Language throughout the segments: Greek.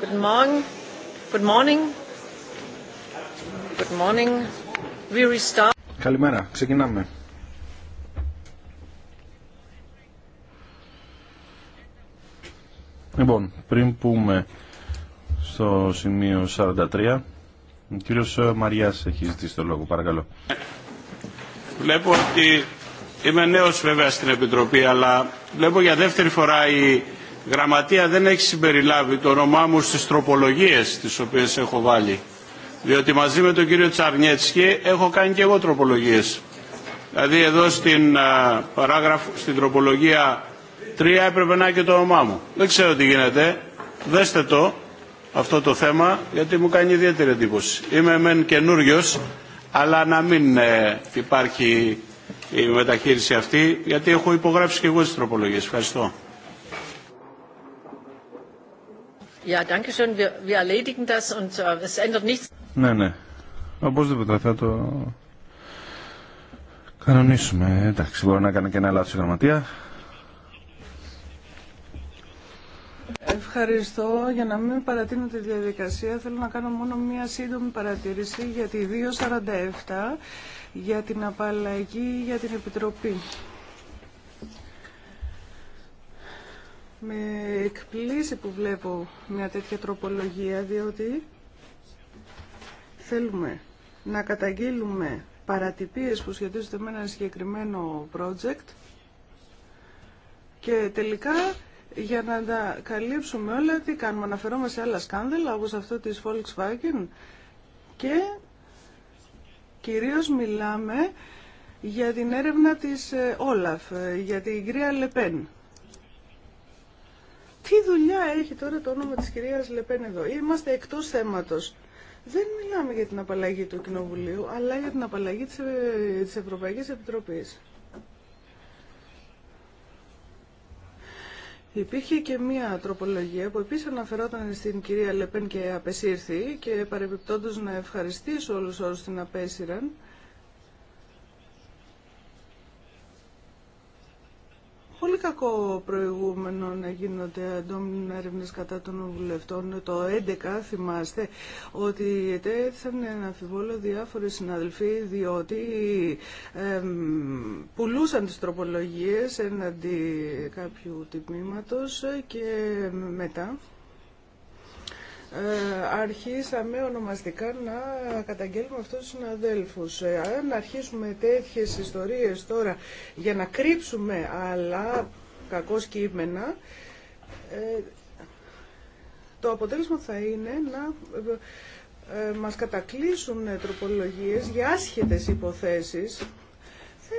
Guten Morgen. Good morning. Good morning. We restart. Καλημέρα. Ξεκινάμε. Λοιπόν, πριν πούμε στο σημείο 43, ο κύριος Μαριάς έχει ζητήσει το λόγο. Παρακαλώ. Βλέπω ότι είμαι νέος βέβαια στην Επιτροπή, αλλά βλέπω για δεύτερη φορά η Γραμματεία δεν έχει συμπεριλάβει το όνομά μου στις τροπολογίες τις οποίες έχω βάλει. Διότι μαζί με τον κύριο Τσαρνιέτσκι έχω κάνει και εγώ τροπολογίες. Δηλαδή εδώ στην, α, παράγραφο, στην τροπολογία 3 έπρεπε να είναι και το όνομά μου. Δεν ξέρω τι γίνεται. Δέστε το αυτό το θέμα γιατί μου κάνει ιδιαίτερη εντύπωση. Είμαι μεν καινούριο, αλλά να μην ε, υπάρχει η μεταχείριση αυτή γιατί έχω υπογράψει και εγώ τις τροπολογίες. Ευχαριστώ. schön. Wir, wir erledigen das und äh, es ändert nichts. Ναι, ναι. Οπωσδήποτε θα το κανονίσουμε. Εντάξει, μπορεί να κάνει και ένα λάθος η γραμματεία. Ευχαριστώ. Για να μην παρατείνω τη διαδικασία, θέλω να κάνω μόνο μία σύντομη παρατήρηση για τη 247 για την απαλλαγή για την Επιτροπή. Με εκπλήσει που βλέπω μια τέτοια τροπολογία, διότι θέλουμε να καταγγείλουμε παρατυπίες που σχετίζονται με ένα συγκεκριμένο project και τελικά για να τα καλύψουμε όλα, τι κάνουμε, αναφερόμαστε σε άλλα σκάνδαλα όπως αυτό της Volkswagen και κυρίως μιλάμε για την έρευνα της Όλαφ, ε, ε, για την κυρία Λεπέν. Τι δουλειά έχει τώρα το όνομα της κυρίας Λεπέν εδώ. Είμαστε εκτός θέματος. Δεν μιλάμε για την απαλλαγή του Κοινοβουλίου, αλλά για την απαλλαγή της, ε, της Ευρωπαϊκής Επιτροπής. Υπήρχε και μία τροπολογία που επίσης αναφερόταν στην κυρία Λεπέν και απεσύρθη και παρεμπιπτόντως να ευχαριστήσω όλους όσους την απέσυραν. πολύ κακό προηγούμενο να γίνονται αντόμινων έρευνε κατά των βουλευτών. Το 2011 θυμάστε ότι ετέθησαν να αμφιβόλω διάφοροι συναδελφοί διότι πουλούσαν τις τροπολογίες εναντί κάποιου τιμήματος και μετά ε, αρχίσαμε ονομαστικά να καταγγέλουμε αυτούς τους συναδέλφους. Ε, αν αρχίσουμε τέτοιες ιστορίες τώρα για να κρύψουμε αλλά κακό κείμενα, ε, το αποτέλεσμα θα είναι να μας κατακλείσουν τροπολογίες για άσχετες υποθέσεις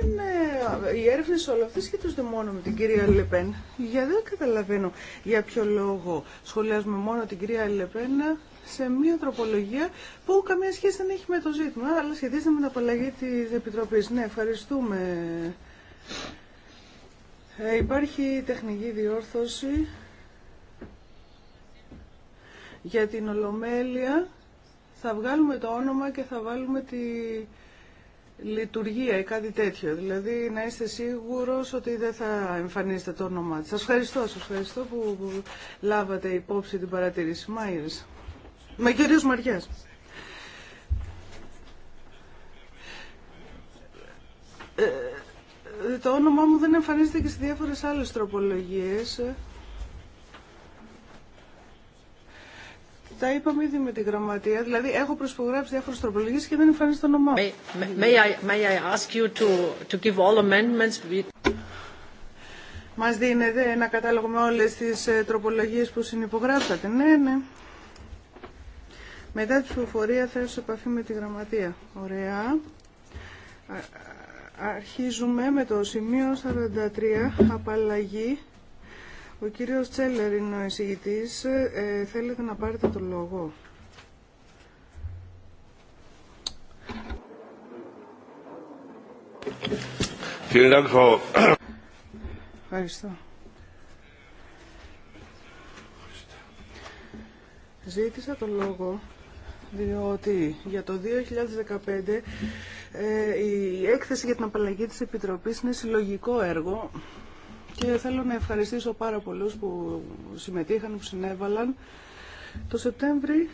ε, οι έρευνε όλα αυτέ σχετίζονται μόνο με την κυρία Λεπέν. Για δεν καταλαβαίνω για ποιο λόγο σχολιάζουμε μόνο την κυρία Λεπέν σε μια τροπολογία που καμία σχέση δεν έχει με το ζήτημα, αλλά σχετίζεται με την απαλλαγή τη Επιτροπή. Ναι, ευχαριστούμε. Ε, υπάρχει τεχνική διόρθωση για την Ολομέλεια. Θα βγάλουμε το όνομα και θα βάλουμε τη λειτουργία ή κάτι τέτοιο. Δηλαδή να είστε σίγουρος ότι δεν θα εμφανίσετε το όνομά της. Σας ευχαριστώ, σας ευχαριστώ που, λάβατε υπόψη την παρατήρηση. Μάιρες. με κυρίως Μαριάς. Ε, ε, το όνομά μου δεν εμφανίζεται και σε διάφορες άλλες τροπολογίες. Τα είπαμε ήδη με τη γραμματεία. Δηλαδή, έχω προσπογράψει διάφορε τροπολογίε και δεν εμφανίζει το όνομά μου. Μα δίνετε ένα κατάλογο με όλε τι ε, τροπολογίε που συνυπογράψατε. Ναι, ναι. Μετά τη ψηφοφορία θα έρθω σε επαφή με τη γραμματεία. Ωραία. Αρχίζουμε με το σημείο 43, απαλλαγή ο κύριος Τσέλερ είναι ο εισηγητής. Ε, θέλετε να πάρετε το λόγο. Ευχαριστώ. Ζήτησα το λόγο διότι για το 2015 ε, η έκθεση για την απαλλαγή της Επιτροπής είναι συλλογικό έργο και θέλω να ευχαριστήσω πάρα πολλούς που συμμετείχαν, που συνέβαλαν. Το Σεπτέμβρη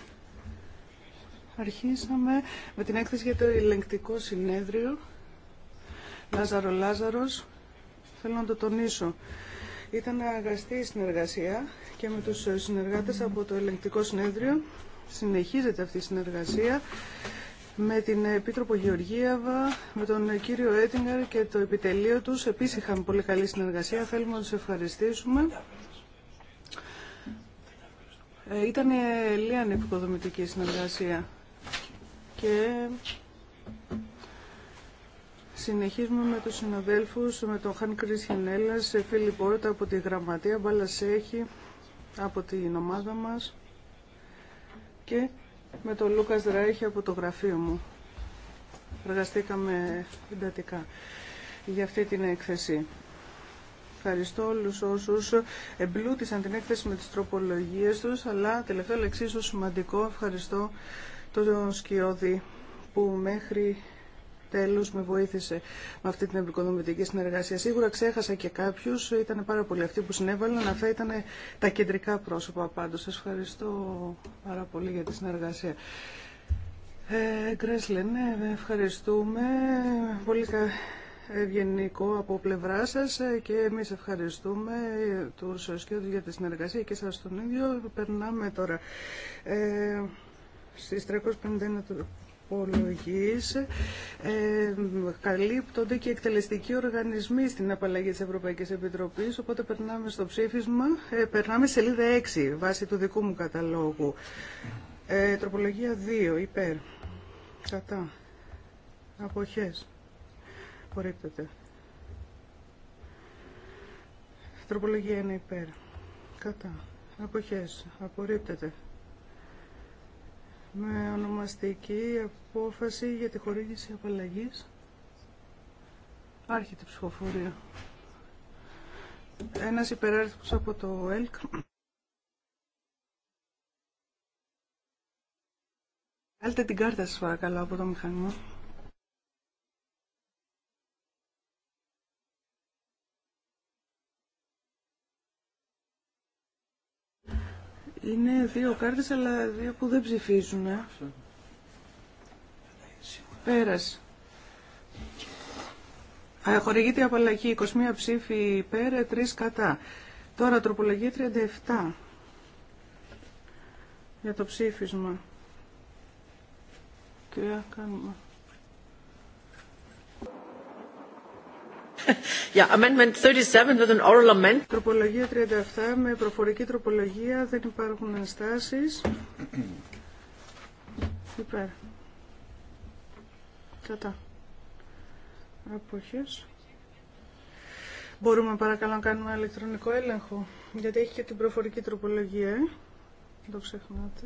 αρχίσαμε με την έκθεση για το ελεγκτικό συνέδριο Λάζαρο Λάζαρος. Θέλω να το τονίσω. Ήταν αγαστή συνεργασία και με τους συνεργάτες από το ελεγκτικό συνέδριο συνεχίζεται αυτή η συνεργασία με την Επίτροπο Γεωργίαβα, με τον κύριο Έτιγκαρ και το επιτελείο τους. Επίσης είχαμε πολύ καλή συνεργασία. Θέλουμε να τους ευχαριστήσουμε. Ε, ήταν λίγα ανεπικοδομητική συνεργασία και συνεχίζουμε με τους συναδέλφους, με τον Χαν Κρίς Χινέλλας, Φίλιπ Πόρτα από τη Γραμματεία, Μπαλασέχη από την ομάδα μας και με τον Λούκας Δραέχη από το γραφείο μου. Εργαστήκαμε εντατικά για αυτή την έκθεση. Ευχαριστώ όλους όσους εμπλούτησαν την έκθεση με τις τροπολογίες τους, αλλά τελευταίο εξίσου σημαντικό ευχαριστώ τον Σκιώδη που μέχρι τέλος με βοήθησε με αυτή την ευρυκονομητική συνεργασία. Σίγουρα ξέχασα και κάποιους, ήταν πάρα πολλοί αυτοί που συνέβαλαν, αυτά ήταν τα κεντρικά πρόσωπα πάντως. Σας ευχαριστώ πάρα πολύ για τη συνεργασία. Ε, ναι, ευχαριστούμε. Πολύ κα... ευγενικό από πλευρά σας ε, και εμείς ευχαριστούμε του σκιώδους για τη συνεργασία και σας τον ίδιο. Περνάμε τώρα. Ε, στις 351 απολογής ε, καλύπτονται και εκτελεστικοί οργανισμοί στην απαλλαγή της Ευρωπαϊκής Επιτροπής, οπότε περνάμε στο ψήφισμα, ε, περνάμε σελίδα 6 βάσει του δικού μου καταλόγου. Ε, τροπολογία 2, υπέρ, κατά, αποχές, απορρίπτεται. Τροπολογία 1, υπέρ, κατά, αποχές, απορρίπτεται με ονομαστική απόφαση για τη χορήγηση απαλλαγής. Άρχεται ψηφοφορία. Ένας υπεράριθμος από το ΕΛΚ. Βάλτε την κάρτα σας παρακαλώ από το μηχάνημα. Είναι δύο κάρτες, αλλά δύο που δεν ψηφίζουν. Ε. Πέρασε. Χορηγείται η απαλλαγή 21 ψήφοι υπέρ, 3 κατά. Τώρα τροπολογία 37 για το ψήφισμα. Και κάνουμε. Τροπολογία 37 με προφορική τροπολογία. Δεν υπάρχουν ενστάσεις. Υπέρ. Κατά. Αποχές. Μπορούμε παρακαλώ να κάνουμε ηλεκτρονικό έλεγχο. Γιατί έχει και την προφορική τροπολογία. Ε. Δεν το ξεχνάτε.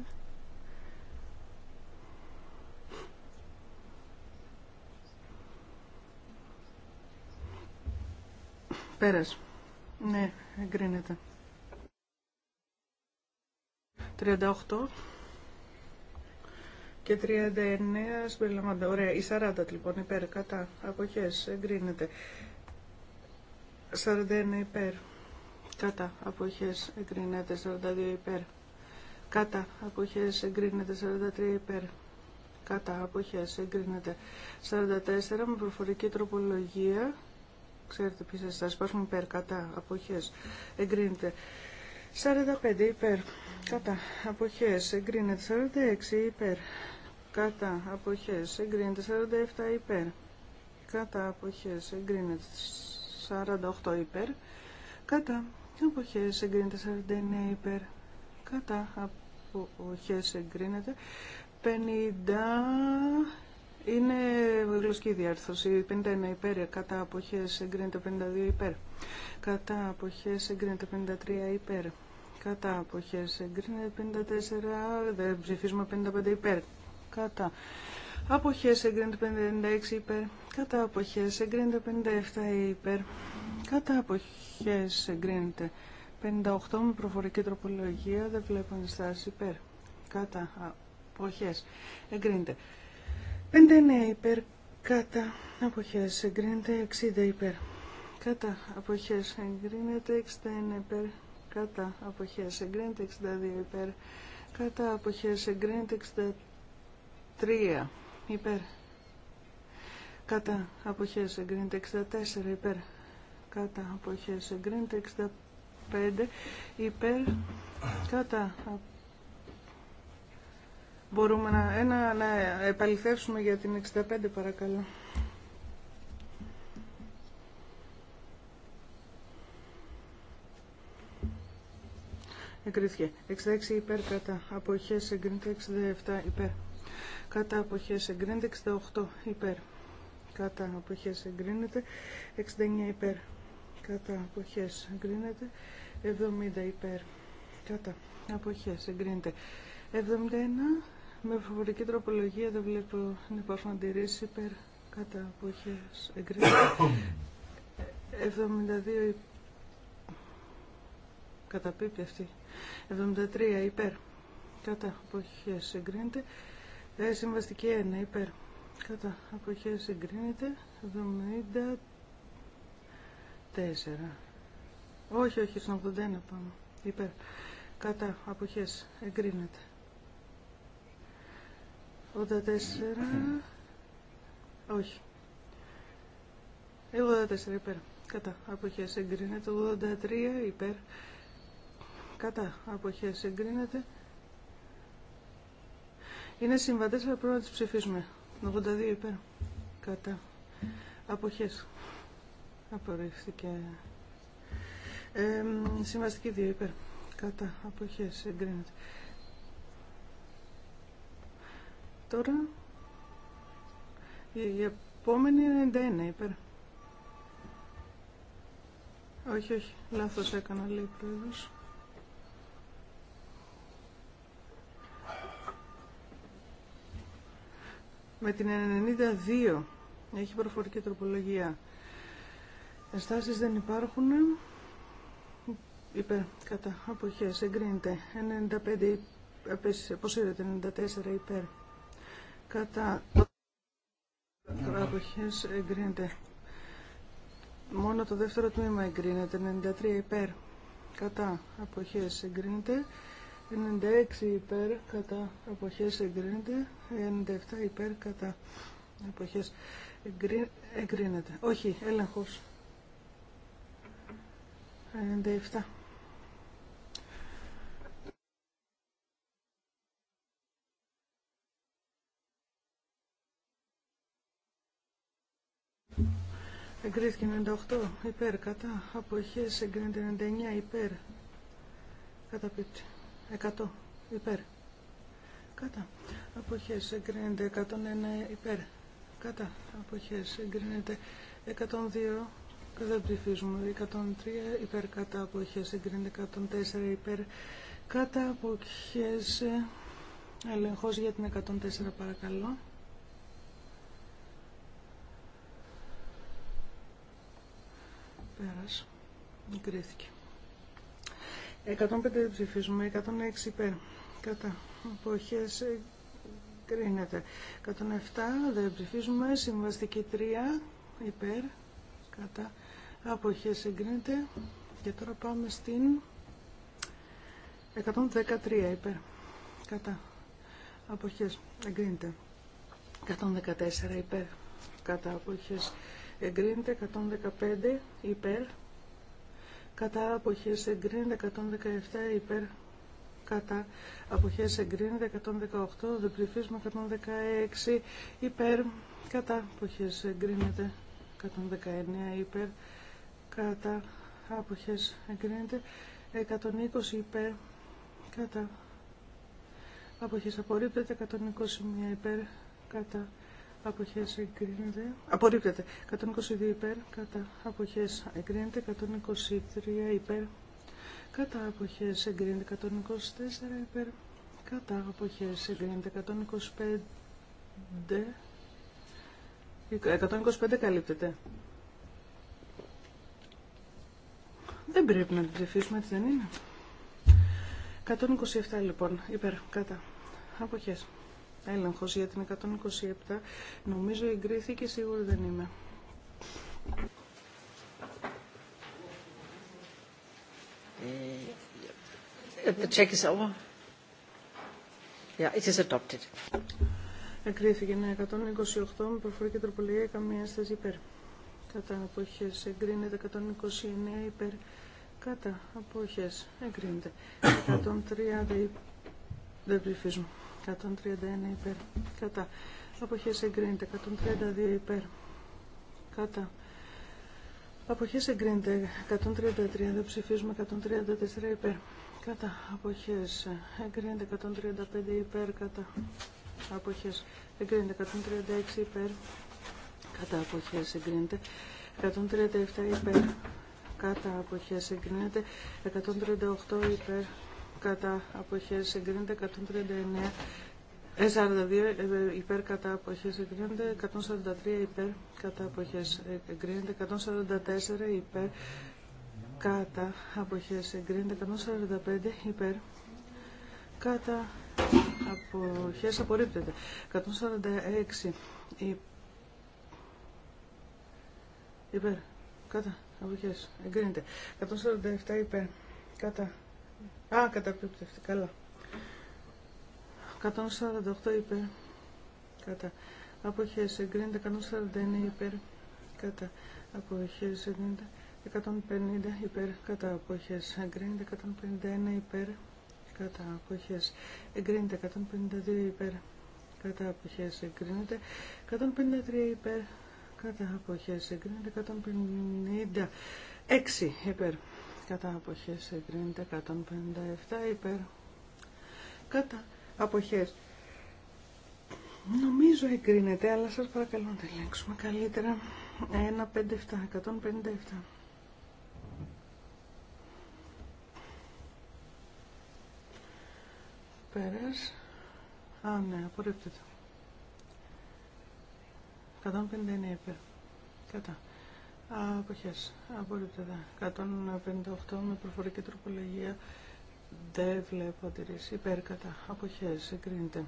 Πέρας. Ναι, εγκρίνεται. 38 και 39 συμπεριλαμβάνονται. Ωραία, η 40 λοιπόν υπέρ, κατά, αποχές, εγκρίνεται. 41 υπέρ, κατά, αποχές, εγκρίνεται. 42 υπέρ, κατά, αποχές, εγκρίνεται. 43 υπέρ, κατά, αποχές, εγκρίνεται. 44 με προφορική τροπολογία ξέρετε ποιες θα σας πάσουν υπέρ, κατά, αποχές, εγκρίνεται. 45 υπέρ, κατά, αποχές, εγκρίνεται. 46 υπέρ, κατά, αποχές, εγκρίνεται. 47 υπέρ, κατά, αποχές, εγκρίνεται. 48 υπέρ, κατά, αποχές, εγκρίνεται. 49 υπέρ, κατά, αποχές, εγκρίνεται. 50 είναι γλωσσική διάρθρωση. 51 υπέρ, κατά αποχές εγκρίνεται 52 υπέρ. Κατά αποχές εγκρίνεται 53 υπέρ. Κατά αποχές εγκρίνεται 54, δεν ψηφίζουμε 55 υπέρ. Κατά αποχές εγκρίνεται 56 υπέρ. Κατά αποχές εγκρίνεται 57 υπέρ. Κατά αποχές εγκρίνεται 58 με προφορική τροπολογία, δεν βλέπω αντιστάσει υπέρ. Κατά αποχές εγκρίνεται. 59 ναι, υπέρ κατά αποχές εγκρίνεται 60 υπέρ κατά αποχές εγκρίνεται 61 υπέρ κατά αποχές εγκρίνεται 62 υπέρ κατά αποχές εγκρίνεται 63 υπέρ κατά αποχές εγκρίνεται 64 υπέρ κατά αποχές εγκρίνεται 65 υπέρ κατά Μπορούμε να, ένα, να επαληθεύσουμε για την 65 παρακαλώ. Εγκρίθηκε. 66 υπέρ κατά. Αποχές εγκρίνεται 67 υπέρ. Κατά αποχές εγκρίνεται 68 υπέρ. Κατά αποχές εγκρίνεται 69 υπέρ. Κατά αποχές εγκρίνεται 70 υπέρ. Κατά αποχές εγκρίνεται 71 με φοβολική τροπολογία δεν βλέπω να υπάρχουν αντιρρήσει υπέρ κατά αποχές εγκρίνεται. 72 κατά πίπτη αυτή. 73 υπέρ κατά αποχές εγκρίνεται. Ε, συμβαστική 1 υπέρ κατά αποχές εγκρίνεται. 74. Όχι, όχι, στον 81 πάμε. Υπέρ. Κατά αποχές εγκρίνεται. 84. Όχι. 84 υπέρ. Κατά. Αποχές εγκρίνεται. 83 υπέρ. Κατά. Αποχές εγκρίνεται. Είναι συμβατές, αλλά πρέπει να τις ψηφίσουμε. 82 υπέρ. Κατά. Αποχές. Απορρίφθηκε. Ε, συμβαστική 2 υπέρ. Κατά. Αποχές εγκρίνεται. τώρα. Η επόμενη είναι 91 υπέρ. Όχι, όχι, λάθος έκανα λέει ο Με την 92 έχει προφορική τροπολογία. Ενστάσεις δεν υπάρχουν. Υπέρ, κατά, αποχές, εγκρίνεται. 95, απέσης, αποσύρεται, 94 υπέρ κατά αποχές εγκρίνεται. Μόνο το δεύτερο τμήμα εγκρίνεται. 93 υπέρ κατά αποχές εγκρίνεται. 96 υπέρ κατά αποχές εγκρίνεται. 97 υπέρ κατά αποχές εγκρίνεται. εγκρίνεται. Όχι, έλεγχος. 97. Εγκρίθηκε 98 υπέρ κατά. Αποχές εγκρίνεται 99 υπέρ. Κατά πίπτη. 100 υπέρ. Κατά. Αποχές εγκρίνεται 101 υπέρ. Κατά. Αποχές εγκρίνεται 102 δεν ψηφίζουμε. 103 υπέρ κατά αποχές εγκρίνεται 104 υπέρ κατά αποχές ελεγχός για την 104 παρακαλώ. εγκρίνεται Εγκρίθηκε. 105 ψηφίζουμε. 106 υπέρ. Κατά. Αποχές ε, εγκρίνεται. 107 δεν ψηφίζουμε. Συμβαστική 3 υπέρ. Κατά. Αποχές εγκρίνεται. Και τώρα πάμε στην 113 υπέρ. Κατά. Αποχές εγκρίνεται. 114 υπέρ. Κατά. Αποχές εγκρίνεται εγκρίνεται 115 υπέρ κατά αποχές εγκρίνεται 117 υπέρ κατά αποχές εγκρίνεται 118 δε 116 υπέρ κατά αποχές εγκρίνεται 119 υπέρ κατά αποχές εγκρίνεται 120 υπέρ κατά αποχές απορρίπτεται 121 υπέρ κατά αποχές εγκρίνεται, απορρίπτεται, 122 υπέρ, κατά αποχές εγκρίνεται, 123 υπέρ, κατά αποχές εγκρίνεται, 124 υπέρ, κατά αποχές εγκρίνεται, 125, 125 καλύπτεται. Δεν πρέπει να την ψηφίσουμε, έτσι δεν είναι. 127 λοιπόν, υπέρ, κατά, αποχές έλεγχος για την 127. Νομίζω εγκρίθηκε, σίγουρα δεν είμαι. Ε, the check is over. Yeah, it is adopted. Εγκρίθηκε, ναι, 128 με και τροπολογία καμία ένσταση υπέρ. Κατά αποχές εγκρίνεται 129 υπέρ. Κατά αποχές εγκρίνεται 130 υπέρ. Δεν ψηφίζουμε. 131 υπέρ. Κατά. Αποχές εγκρίνεται. 132 υπέρ. Κατά. Αποχές εγκρίνεται. 133. Δεν ψηφίζουμε. 134 υπέρ. Κατά. Αποχές εγκρίνεται. 135 υπέρ. Κατά. Αποχές εγκρίνεται. 136 υπέρ. Κατά. Αποχές εγκρίνεται. 137 υπέρ. Κατά. Αποχές εγκρίνεται. 138 υπέρ κατά αποχές εγκρίνεται 139 42 ε, ε, υπέρ κατά αποχές εγκρίνεται 143 υπέρ κατά αποχές εγκρίνεται 144 υπέρ κατά αποχές εγκρίνεται 145 υπέρ κατά αποχές απορρίπτεται 146 υπέρ κατά αποχές εγκρίνεται 147 υπέρ κατά Α, καταπληκτή, καλά. 148 υπέρ. Κατά. Αποχές εγκρίνεται 149 υπέρ. Κατά. Αποχές εγκρίνεται 150 υπέρ. Κατά. Αποχές εγκρίνεται 151 υπέρ. Κατά. Αποχές εγκρίνεται 152 υπέρ. Κατά. Αποχές εγκρίνεται 153 υπέρ. Κατά. Αποχές εγκρίνεται 156 υπέρ κατά αποχές εγκρίνεται 157 υπέρ κατά αποχές νομίζω εγκρίνεται αλλά σας παρακαλώ να ελέγξουμε καλύτερα 157 157 Πέρας. Α, ναι, απορρίπτεται. 159 υπέρ. Κατά. Αποχές. Απορρίπτεται. 158 με προφορική τροπολογία. Δεν βλέπω αντιρρήσει. υπέρκατα, κατά. Αποχές. Εγκρίνεται.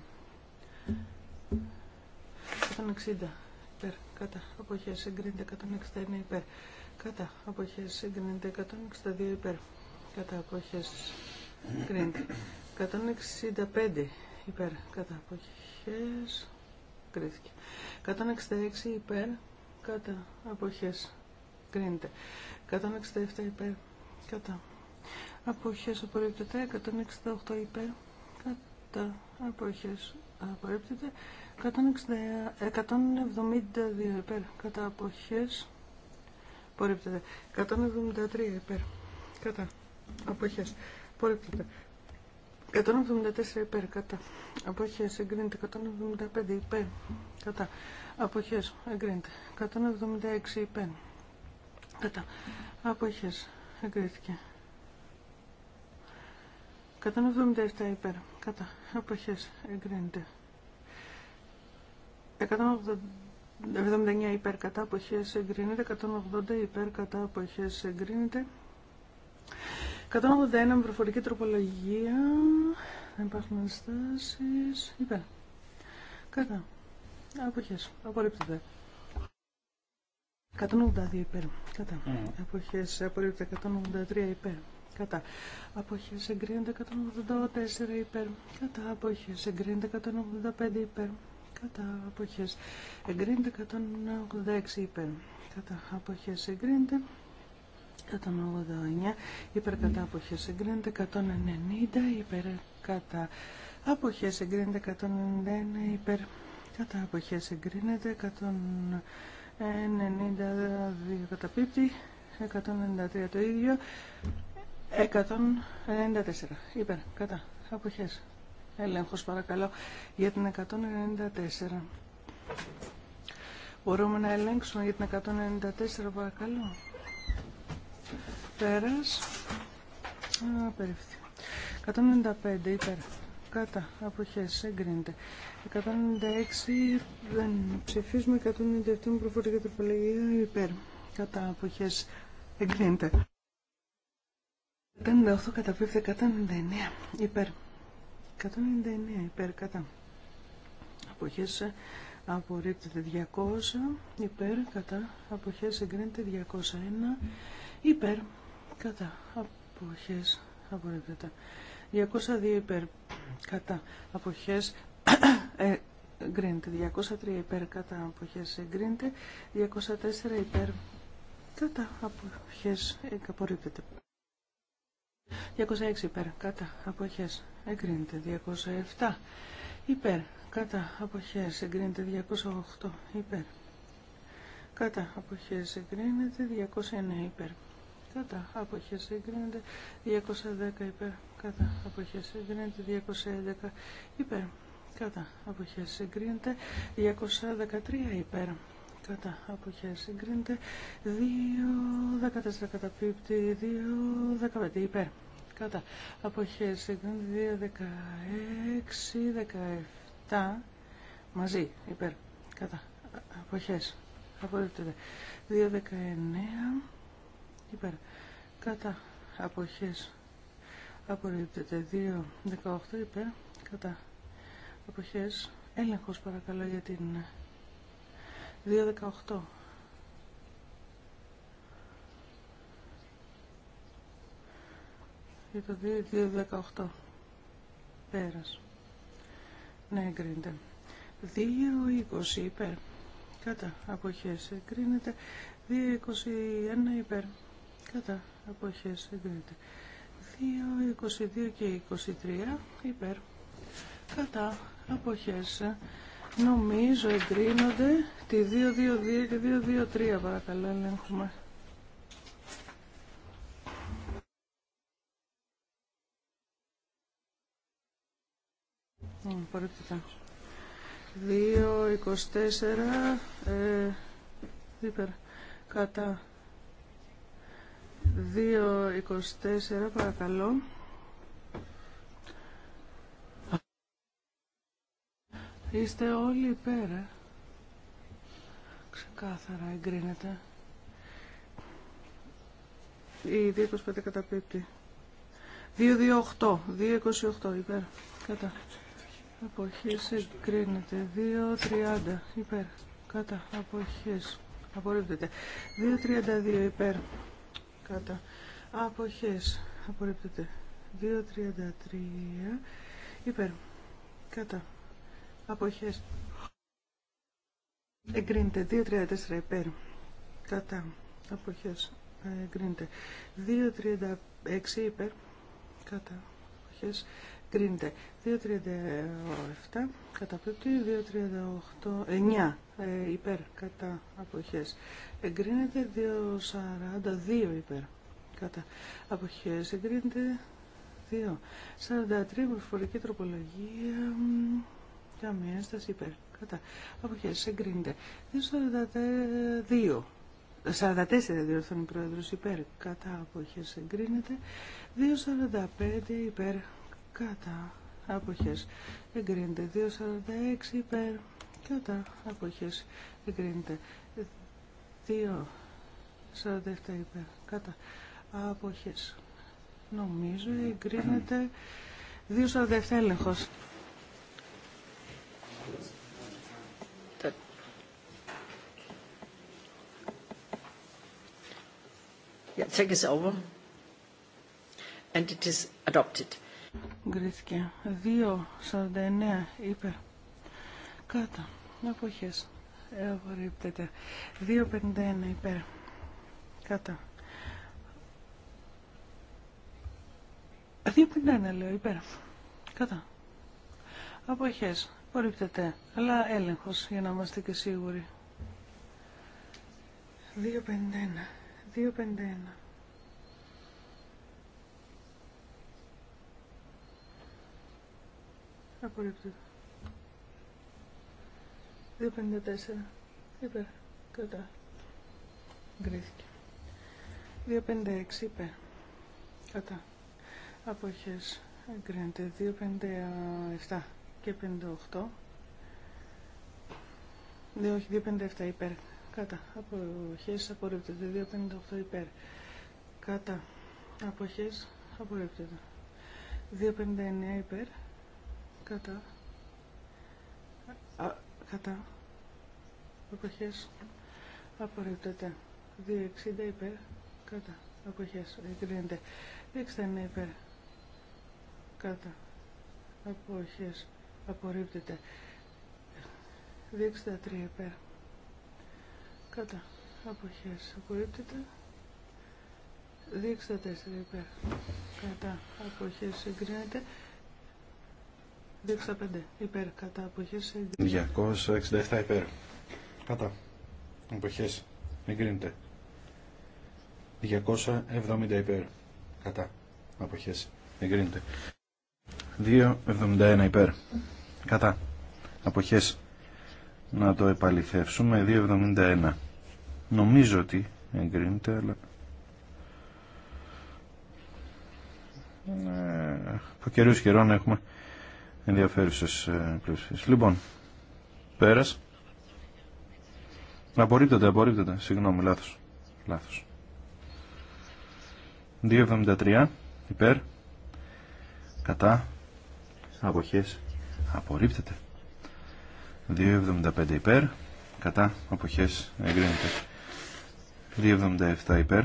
160 υπέρ. Κατά. Αποχές. Εγκρίνεται. 161 υπέρ. Κατά. Αποχές. Εγκρίνεται. 162 υπέρ. Κατά. Αποχές. Εγκρίνεται. 165 υπέρ. Κατά. Αποχές. Κρίθηκε. 166 υπέρ. Κατά. Αποχές κρίνεται. 167 υπέρ. Κατά. Αποχές απορρίπτεται. 168 υπέρ. Κατά. Αποχές απορρίπτεται. 172 υπέρ. Κατά. Αποχές απορρίπτεται. 173 υπέρ. Κατά. Αποχές απορρίπτεται. 174 υπέρ, κατά. Αποχές εγκρίνεται. 175 υπέρ, κατά. Αποχές εγκρίνεται. 176 υπέρ, Κατά. Αποχές. Εγκρίθηκε. 177 υπέρ. Κατά. Αποχές. Εγκρίνεται. 179 υπέρ κατά αποχές εγκρίνεται, 180 υπέρ κατά αποχές εγκρίνεται. 181 με προφορική τροπολογία, δεν υπάρχουν αντιστάσεις. υπέρ. Κατά. Αποχές. Απορρίπτεται. 182 υπέρ. Κατά. Mm. Αποχές 183 υπέρ. Κατά. Αποχές εγκρίνεται 184 υπέρ. Κατά. Αποχές εγκρίνεται 185 υπέρ. Κατά. Αποχές εγκρίνεται 186 υπέρ. Κατά. Αποχές εγκρίνεται 189 υπέρ. Κατά. Αποχές εγκρίνεται 190 υπέρ. Κατά. Αποχές εγκρίνεται 191 υπέρ. Κατά. Αποχές εγκρίνεται 92 καταπίπτει. 193 το ίδιο. 194 υπέρ. Κατά. Αποχές. Έλεγχος παρακαλώ για την 194. Μπορούμε να ελέγξουμε για την 194 παρακαλώ. Πέρας. Α, 195 υπέρ κατά Αποχέ, εγκρίνεται 196 δεν ψηφίζουμε 197 με προφορική τροπολογία υπέρ κατά αποχέ, εγκρίνεται 198 καταπίπτει 199 υπέρ 199 υπέρ κατά αποχέ, απορρίπτεται 200 υπέρ κατά αποχέ, εγκρίνεται 201 υπέρ κατά αποχέ, απορρίπτεται 202 ε, υπέρ κατά αποχές εγκρίνεται. 203 ε, υπέρ κατά αποχές εγκρίνεται. 204 υπέρ κατά αποχές απορρίπτεται. 206 υπέρ κατά αποχές εγκρίνεται. 207 υπέρ κατά αποχές εγκρίνεται. 208 υπέρ κατά αποχές εγκρίνεται. 209 υπέρ κατά αποχές συγκρίνεται, 210 υπέρ κατά αποχές συγκρίνεται, 211 υπέρ κατά αποχές συγκρίνεται, 213 υπέρ κατά αποχές 214 2-14 κατά πίπτη υπερ υπέρ κατά αποχές 216 2-16-17 μαζί υπέρ κατά αποχές 219 υπέρα κατά αποχές απορρίπτεται 2.18 υπέρ κατά αποχές έλεγχος παρακαλώ για την 2.18 για το 2.18 πέρας ναι εγκρίνεται 2.20 υπέρ κατά αποχές εγκρίνεται 2.21 υπέρ Κατά αποχές εγκρίνεται. 2, 22 και 23 υπέρ. Κατά αποχές νομίζω εγκρίνονται τη 2 και 2, 2, 3 παρακαλώ ελέγχουμε. Απορρίπτεται. 2, 24, ε, υπέρ, κατά 2.24 παρακαλώ. Είστε όλοι υπέρ. Ε? Ξεκάθαρα εγκρίνεται. Η 2.25 καταπίπτει. 2.28. 2.28 υπέρ. Κατά. Αποχές εγκρίνεται. 2.30 υπέρ. Κατά. Αποχές. Απορρίπτεται. 2.32 υπέρ κατά αποχές απορρίπτεται 2.33 υπέρ κατά αποχές εγκρίνεται 2.34 υπέρ κατά αποχές εγκρίνεται 2.36 υπέρ κατά αποχές Κρίνεται. 2.37 Κατά πρώτη. 2.38 9 ε, υπέρ κατά αποχές. Εγκρίνεται 2.42 υπέρ κατά αποχές. Εγκρίνεται 2.43 φορική τροπολογία. Καμία ένσταση υπέρ κατά αποχές. Εγκρίνεται 2.42 44 διορθώνει πρόεδρος υπέρ κατά αποχές εγκρίνεται 2.45 υπέρ κατά αποχές εγκρίνεται 246 υπέρ Και κατά αποχές εγκρίνεται 247 υπέρ κατά αποχές νομίζω εγκρίνεται 247 έλεγχος Yeah, take us over. And it is adopted. Γκρίθηκε. 2.49 υπέρ. Κάτα. Αποχές. Απορρίπτεται. 2.51 υπέρ. Κάτα. 2.51 λέω υπέρ. Κάτα. Αποχές. Απορρίπτεται. Αλλά έλεγχος για να είμαστε και σίγουροι. 2.51. 2.51. Απορρίπτεται. 2.54. Υπέρ. Κατά. Γκρίθηκε. 2.56. Υπέρ. Κατά. Αποχές. Εγκρίνεται. 2.57 και 58. Ναι, όχι, 2.57 υπέρ. Κατά. Αποχές απορρίπτεται. 2.58 υπέρ. Κατά. Αποχές απορρίπτεται. 2.59 υπέρ κατά α, κατά αποχές απορρίπτεται 260 υπέρ κατά αποχέ, εγκρίνεται 60 υπέρ κατά Αποχέ. απορρίπτεται 263 υπέρ κατά Αποχέ. απορρίπτεται 264 υπέρ κατά Αποχέ. εγκρίνεται 265 υπέρ κατά αποχές 267 υπέρ κατά αποχές εγκρίνεται. 270 υπέρ κατά αποχές εγκρίνεται. 271 υπέρ κατά αποχές να το επαληθεύσουμε 271 νομίζω ότι εγκρίνεται αλλά ναι. από καιρούς καιρών έχουμε ενδιαφέρουσες ε, πλούσιες. Λοιπόν, πέρας. Απορρίπτεται, απορρίπτεται. Συγγνώμη, λάθος. Λάθος. 2.73 υπέρ κατά αποχές απορρίπτεται 2.75 υπέρ κατά αποχές εγκρίνεται 2.77 υπέρ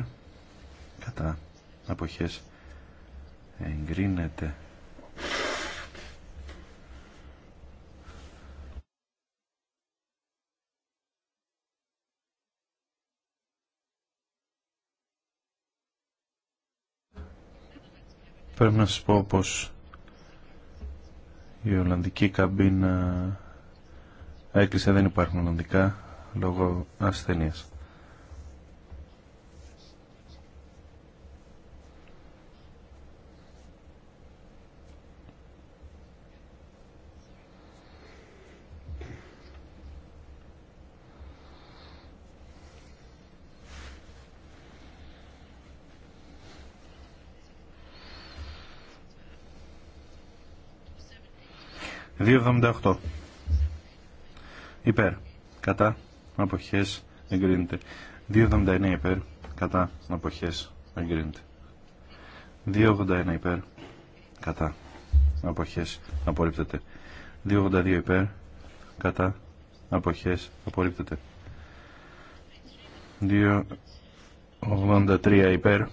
κατά αποχές εγκρίνεται πρέπει να σας πω πως η Ολλανδική καμπίνα έκλεισε, δεν υπάρχουν Ολλανδικά λόγω ασθενείας. 278 υπέρ κατά αποχές εγκρίνεται 279 υπέρ κατά αποχές εγκρίνεται 281 υπέρ κατά αποχές απορρίπτεται 282 υπέρ κατά αποχές απορρίπτεται 283 υπέρ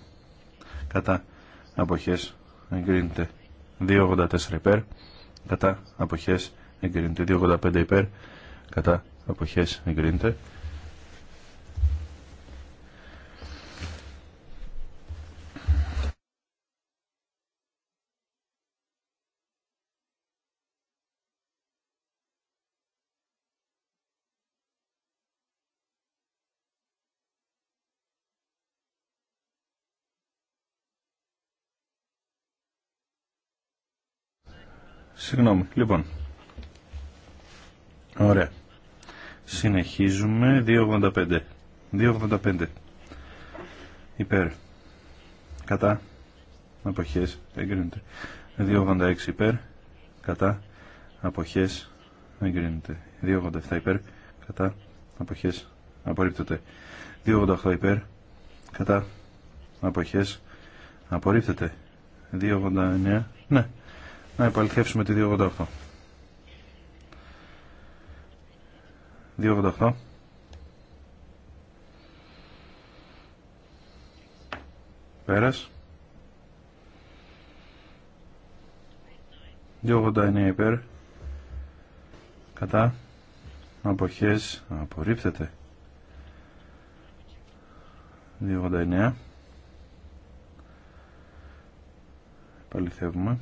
κατά αποχές εγκρίνεται 284 υπέρ κατά αποχές εγκρίνεται. 285 υπέρ κατά αποχές εγκρίνεται. Συγγνώμη. Λοιπόν. Ωραία. Συνεχίζουμε. 2.85. 2.85. Υπέρ. Κατά. Αποχές. Εγκρίνεται. 2.86 υπέρ. Κατά. Αποχές. Εγκρίνεται. 2.87 υπέρ. Κατά. Αποχές. Απορρίπτεται. 2.88 υπέρ. Κατά. Αποχές. Απορρίπτεται. 2.89. Ναι να επαληθεύσουμε τη 288. 288. Πέρας. 289 υπέρ. Κατά. Αποχές. Απορρίπτεται. 289. Παληθεύουμε.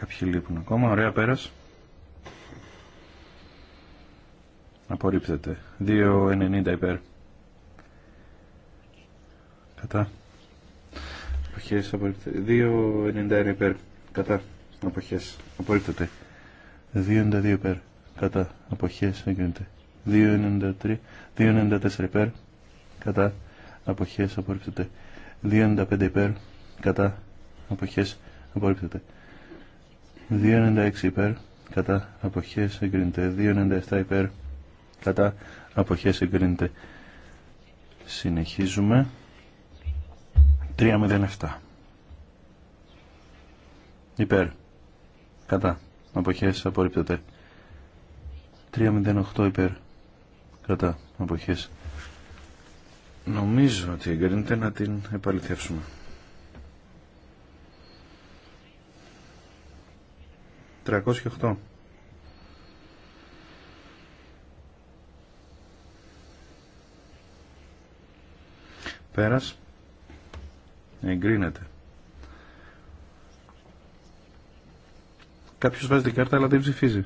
Κάποιοι λείπουν ακόμα. Ωραία, πέρας. Απορρίπτεται. 2,90 υπέρ. Κατά. Αποχές απορρίπτεται. 2,91 υπέρ. Κατά. Αποχές. Απορρίπτεται. 2,92 υπέρ. Κατά. Αποχές. Εγκρίνεται. 2,93. 2,94 υπέρ. Κατά. Αποχές. Απορρίπτεται. 2,95 υπέρ. Κατά. Αποχές. Απορρίπτεται. 2.96 υπέρ κατά αποχές εγκρίνεται 2.97 υπέρ κατά αποχές εγκρίνεται συνεχίζουμε 3.07 υπέρ κατά αποχές απορρίπτεται 3.08 υπέρ κατά αποχές νομίζω ότι εγκρίνεται να την επαληθεύσουμε 308. Πέρας. Εγκρίνεται. Κάποιος βάζει την κάρτα αλλά δεν ψηφίζει.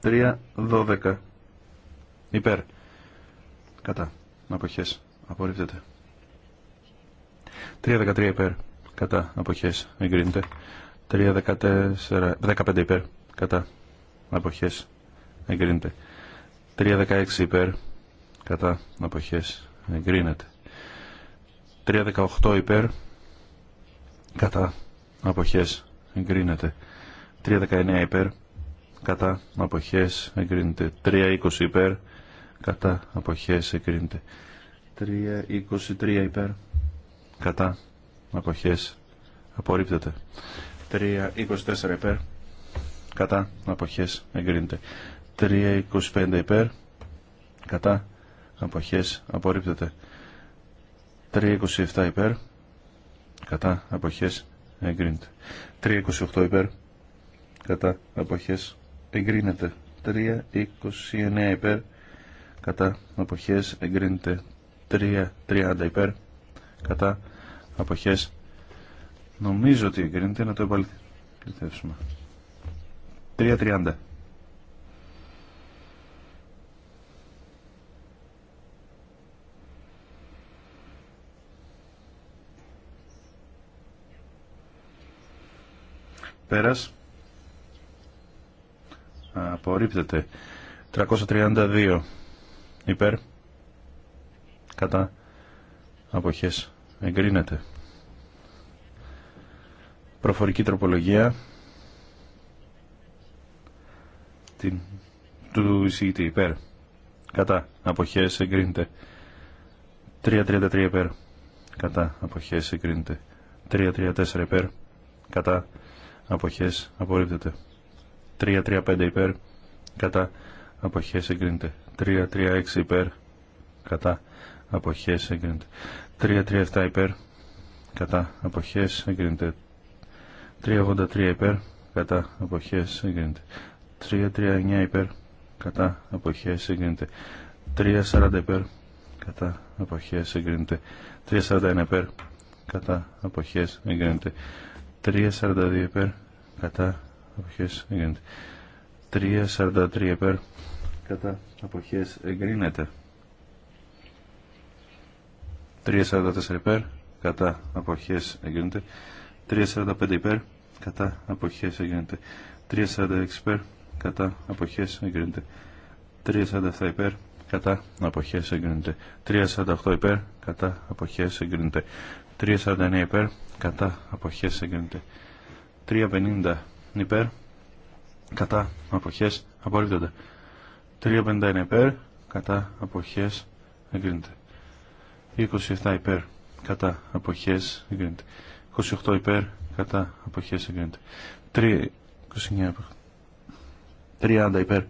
Τρία δώδεκα. Υπέρ. Κατά. Αποχές. Απορρίπτεται. 3.13 υπέρ κατά αποχές εγκρίνεται. 3 15 υπέρ κατά αποχές εγκρίνεται. 3.16 υπέρ κατά αποχές εγκρίνεται. 3.18 υπέρ κατά αποχές εγκρίνεται. 3.19 υπέρ κατά αποχές εγκρίνεται. 3.20 υπέρ κατά αποχές εγκρίνεται. 3.23 υπέρ κατά αποχές απορρίπτεται 324 υπέρ κατά αποχές εγκρίνεται 325 υπέρ κατά αποχές απορρίπτεται 327 υπέρ κατά αποχές εγκρίνεται 328 υπέρ κατά αποχές εγκρίνεται 329 υπέρ κατά αποχές εγκρίνεται 330 υπέρ κατά αποχές νομίζω ότι εγκρίνεται να το επαληθεύσουμε 3.30 Πέρας απορρίπτεται 332 υπέρ κατά αποχές Εγκρίνεται. Προφορική τροπολογία την, του εισηγητή υπέρ. Κατά. Αποχές εγκρίνεται. 3.33 υπέρ. Κατά. Αποχές εγκρίνεται. 3.34 υπέρ. Κατά. Αποχές απορρίπτεται. 3.35 υπέρ. Κατά. Αποχές εγκρίνεται. 3.36 υπέρ. Κατά. Αποχές εγκρίνεται. 337 υπέρ κατά αποχές εγκρίνεται 383 υπέρ κατά αποχές εγκρίνεται 339 υπέρ κατά αποχές εγκρίνεται 340 υπέρ κατά αποχές εγκρίνεται 341 υπέρ κατά αποχές εγκρίνεται 342 υπέρ κατά αποχές εγκρίνεται 343 υπέρ κατά αποχές εγκρίνεται 3.44 υπέρ, κατά αποχές εγκρίνεται. 3.45 υπέρ, κατά αποχές εγκρίνεται. 3.46 υπέρ, κατά αποχές εγκρίνεται. 3.47 υπέρ, κατά αποχές εγκρίνεται. 3.48 υπέρ, κατά αποχές εγκρίνεται. 3.49 υπέρ, κατά αποχές εγκρίνεται. 3.50 υπέρ, κατά αποχές απορρίπτονται. 3.51 υπέρ, κατά αποχές εγκρίνεται. 27 υπέρ κατά αποχές εγκρίνεται. 28 υπέρ κατά αποχές εγκρίνεται. 3, 29 30 υπέρ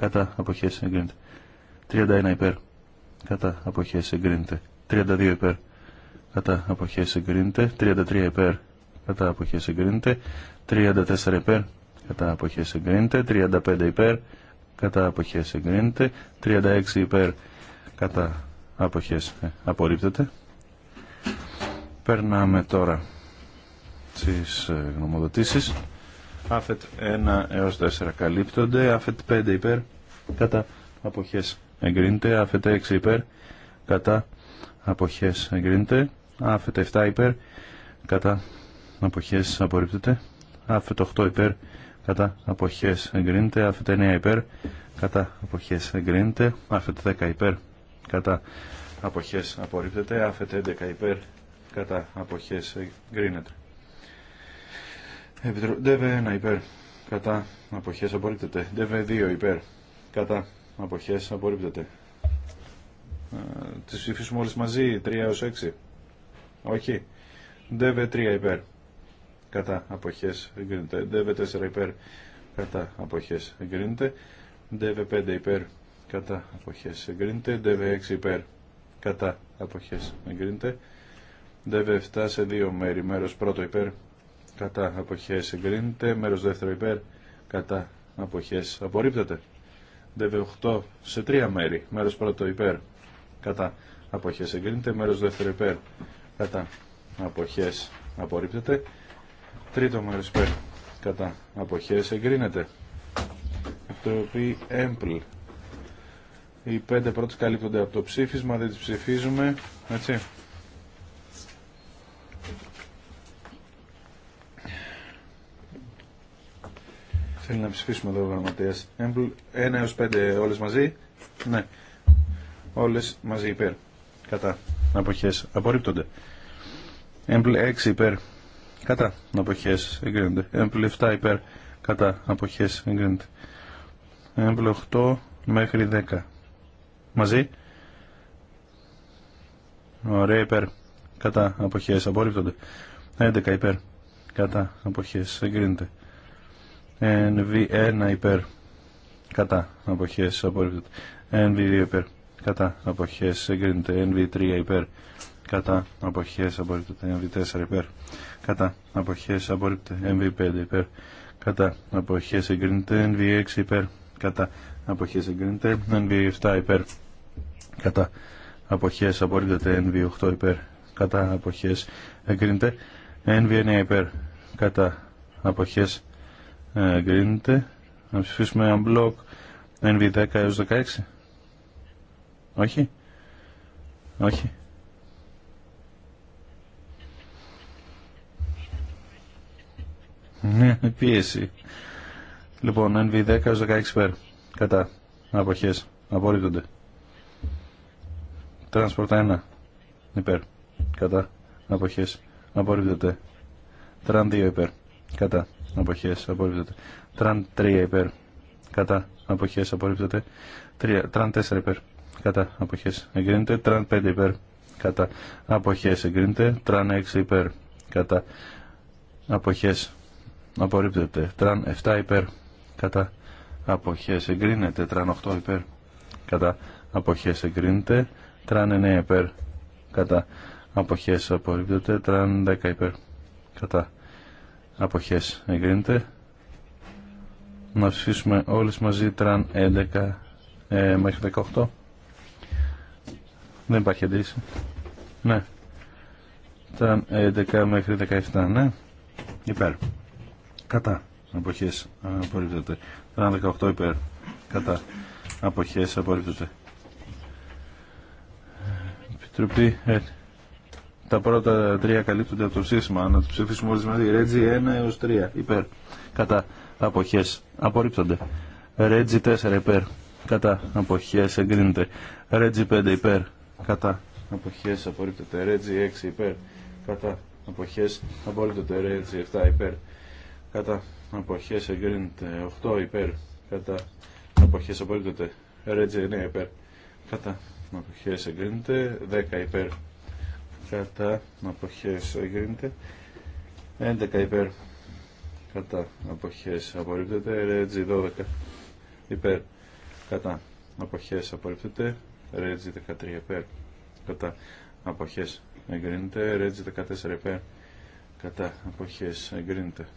κατά αποχές εγκρίνεται. 31 υπέρ κατά αποχές εγκρίνεται. 32 υπέρ κατά αποχές εγκρίνεται. 33 υπέρ κατά αποχές εγκρίνεται. 34 υπέρ κατά αποχές εγκρίνεται. 35 υπέρ κατά αποχές εγκρίνεται. 36 υπέρ κατά αποχές ε, απορρίπτεται. Περνάμε τώρα στις ε, γνωμοδοτήσεις. Άφετ 1 έως 4 καλύπτονται, άφετ 5 υπέρ, κατά αποχές εγκρίνεται, άφετ 6 υπέρ, κατά αποχές εγκρίνεται, άφετ 7 υπέρ, κατά αποχές απορρίπτεται, άφετ 8 υπέρ, κατά αποχές εγκρίνεται, άφετ 9 υπέρ, κατά αποχές εγκρίνεται, άφετ 10 υπέρ, κατά αποχές απορρίπτεται, άφετ 11 υπέρ κατά αποχές γκρίνεται. Δεβε 1 υπέρ κατά αποχές απορρίπτεται, δεβε 2 υπέρ κατά αποχές απορρίπτεται. Τις ψηφίσουμε όλες μαζί, 3 έως 6. Όχι. Δεβε 3 υπέρ κατά αποχές εγκρίνεται. Δεβε 4 υπέρ κατά αποχές εγκρίνεται. Δεβε 5 υπέρ κατά αποχές εγκρίνεται, DV6 υπέρ κατά αποχές εγκρίνεται, DV7 σε δύο μέρη, μέρος πρώτο υπέρ κατά αποχές εγκρίνεται, μέρος δεύτερο υπέρ κατά αποχές απορρίπτεται, DV8 σε τρία μέρη, μέρος πρώτο υπέρ κατά αποχές εγκρίνεται, μέρος δεύτερο υπέρ κατά αποχές απορρίπτεται, τρίτο μέρος υπέρ κατά αποχές εγκρίνεται. Επιτροπή έμπλ οι πέντε πρώτες καλύπτονται από το ψήφισμα, δεν τις ψηφίζουμε, έτσι. Θέλει να ψηφίσουμε εδώ ο γραμματέας. 1 έως 5 όλες μαζί. Ναι. Όλες μαζί υπέρ. Κατά. Αποχές. Απορρίπτονται. Έμπλ 6 υπέρ. Κατά. Αποχές. Εγκρίνονται. Έμπλ 7 υπέρ. Κατά. Αποχές. Εγκρίνονται. Έμπλ 8 μέχρι 10 μαζί. Ωραία, υπέρ. Κατά αποχέ. απορρίπτονται. 11 υπέρ. Κατά αποχές εγκρίνεται. NV1 υπέρ. Κατά αποχές απορρίπτονται. NV2 υπέρ. Κατά αποχές εγκρίνεται. NV3 υπέρ. αποχε αποχέ. απορρίπτεται. NV4 υπέρ. αποχε αποχέ. απορρίπτεται. NV5 υπέρ. αποχε αποχές εγκρίνεται. NV6 υπέρ. αποχε αποχές εγκρίνεται. NV7 υπέρ κατά αποχές απορρίπτεται NV8 υπέρ κατά αποχές εγκρίνεται NV9 υπέρ κατά αποχές εγκρίνεται να ψηφίσουμε ένα μπλοκ NV10 έως 16 όχι όχι ναι πίεση λοιπόν NV10 έως 16 υπέρ κατά αποχές απορρίπτονται Τρανσπορτα 1 υπέρ κατά αποχές απορρίπτεται. Τραν 2 υπέρ κατά αποχές απορρίπτεται. Τραν 3 υπέρ κατά αποχές απορρίπτεται. Τραν 4 υπέρ κατά αποχές εγκρίνεται. Τραν 5 υπέρ κατά αποχές εγκρίνεται. Τραν 6 υπέρ κατά αποχές απορρίπτεται. Τραν 7 υπέρ κατά αποχές εγκρίνεται. Τραν 8 υπέρ κατά αποχές εγκρίνεται. Τραν 9 υπέρ. Κατά. Αποχές απορρίπτεται. Τραν 10 υπέρ. Κατά. Αποχές εγκρίνεται. Να ψηφίσουμε όλες μαζί τραν 11 ε, μέχρι 18. Δεν υπάρχει αντίρρηση. Ναι. Τραν 11 μέχρι 17. Ναι. Υπέρ. Κατά. Αποχές απορρίπτεται. Τραν 18 υπέρ. Κατά. Αποχές απορρίπτεται. Ε, τα πρώτα τρία καλύπτονται από το ψήφισμα. Να το ψηφίσουμε όλε μαζί. Ρέτζι 1 έω 3. Υπέρ. Κατά. αποχέ. Απορρίπτονται. Ρέτζι 4 υπέρ. Κατά. αποχέ. Εγκρίνεται. Ρέτζι 5 υπέρ. Κατά. αποχέ. Απορρίπτονται. Ρέτζι 6 υπέρ. Κατά. απόχέ Απορρίπτονται. Ρέτζι 7 υπέρ. Κατά. αποχέ. Εγκρίνεται. 8 υπέρ. Κατά. απόχέ Απορρίπτονται. Ρέτζι 9 υπέρ. Κατά αποχές εγκρίνεται 10 υπέρ κατά αποχές εγκρίνεται 11 υπέρ κατά αποχές απορρίπτεται ρέτζι 12 υπέρ κατά αποχές απορρίπτεται ρέτζι 13 υπέρ κατά αποχές εγκρίνεται ρέτζι 14 υπέρ κατά αποχές εγκρίνεται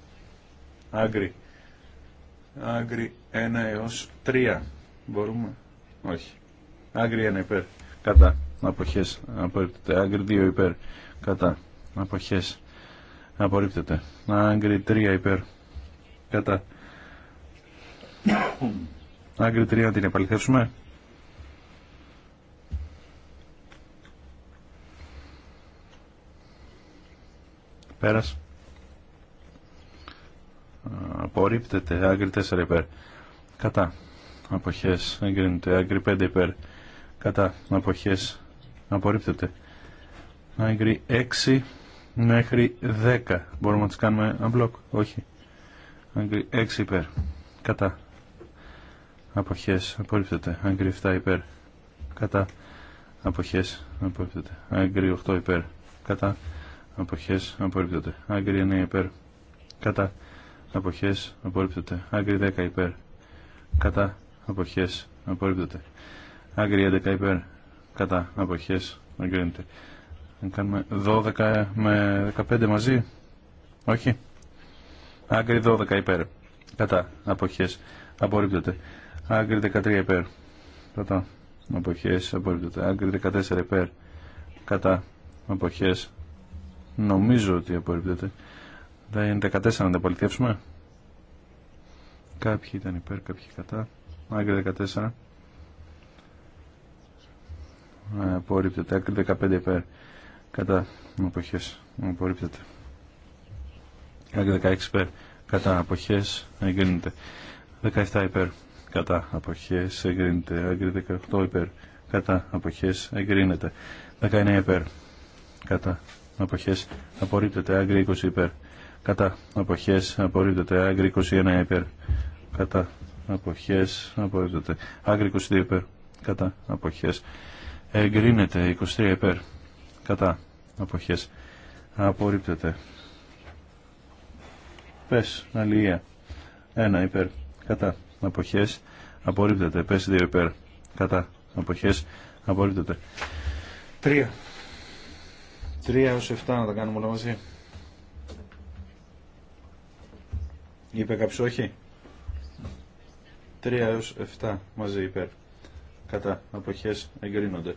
άγκρι άγκρι 1 έως 3 μπορούμε όχι Άγκρι 1 υπέρ. Κατά. Αποχές. Απορρίπτεται. Άγκρι 2 υπέρ. Κατά. Αποχές. Απορρίπτεται. Άγκρι 3 υπέρ. Κατά. Άγκρι 3 να την επαληθεύσουμε. Πέρας. Απορρίπτεται. Άγκρι 4 υπέρ. Κατά. Αποχές. Εγκρίνεται. Άγκρι 5 υπέρ κατά αποχές απορρίπτεται. Άγκρι 6 μέχρι 10. Μπορούμε να τις κάνουμε unblock. Όχι. Άγκρι 6 υπέρ. Κατά. Αποχές απορρίπτεται. Άγκρι 7 υπέρ. Κατά. Αποχές απορρίπτεται. Άγκρι 8 υπέρ. Κατά. Αποχές απορρίπτεται. Άγκρι 9 υπέρ. Κατά. Αποχές απορρίπτεται. Άγκρι 10 υπέρ. Κατά. Αποχές απορρίπτεται. Άγκρι 11 υπέρ κατά αποχές Να κάνουμε 12 ε, με 15 μαζί. Όχι. Άγκρι 12 υπέρ κατά αποχές απορρίπτεται. Άγκρι 13 υπέρ κατά αποχές απορρίπτεται. Άγκρι 14 υπέρ κατά αποχές νομίζω ότι απορρίπτεται. Δεν είναι 14 να τα πολιτεύσουμε. Κάποιοι ήταν υπέρ, κάποιοι κατά. Άγκρι 14 απορρίπτεται. Άκρη 15 υπέρ κατά αποχές απορρίπτεται. Άκρη 16 υπέρ κατά αποχές εγκρίνεται. 17 υπέρ κατά αποχές εγκρίνεται. Άκρη 18 υπέρ κατά αποχές εγκρίνεται. 19 υπέρ κατά αποχές απορρίπτεται. Άκρη 20 υπέρ κατά αποχές απορρίπτεται. Άκρη 21 υπέρ κατά αποχές απορρίπτεται. Άκρη 22 υπέρ κατά αποχές εγκρίνεται 23 υπέρ κατά αποχές απορρίπτεται πες αλληλεία 1 υπέρ κατά αποχές απορρίπτεται πες 2 υπέρ κατά αποχές απορρίπτεται 3 3 έως 7 να τα κάνουμε όλα μαζί είπε κάποιος όχι 3 έως 7 μαζί υπέρ κατά αποχές εγκρίνονται.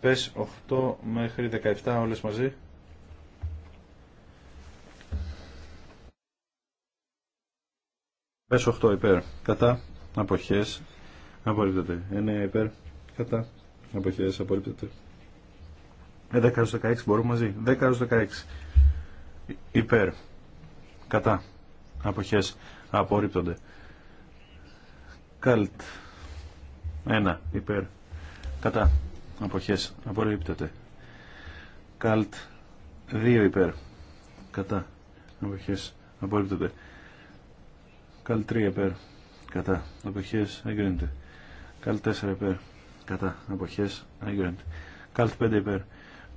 Πες 8 μέχρι 17 όλες μαζί. Πες 8 υπέρ κατά αποχές απορρίπτεται. 9 υπέρ κατά αποχές απορρίπτεται. Ε, απορρίπτεται. 16 μπορούμε μαζί. 10 16 υπέρ κατά αποχές απορρίπτονται. Καλτ 1 υπέρ κατά αποχές απορρίπτεται καλτ 2 υπέρ κατά αποχές απορρίπτεται καλτ 3 υπέρ κατά αποχές εγκρίνεται καλτ 4 υπέρ κατά αποχές εγκρίνεται καλτ 5 υπέρ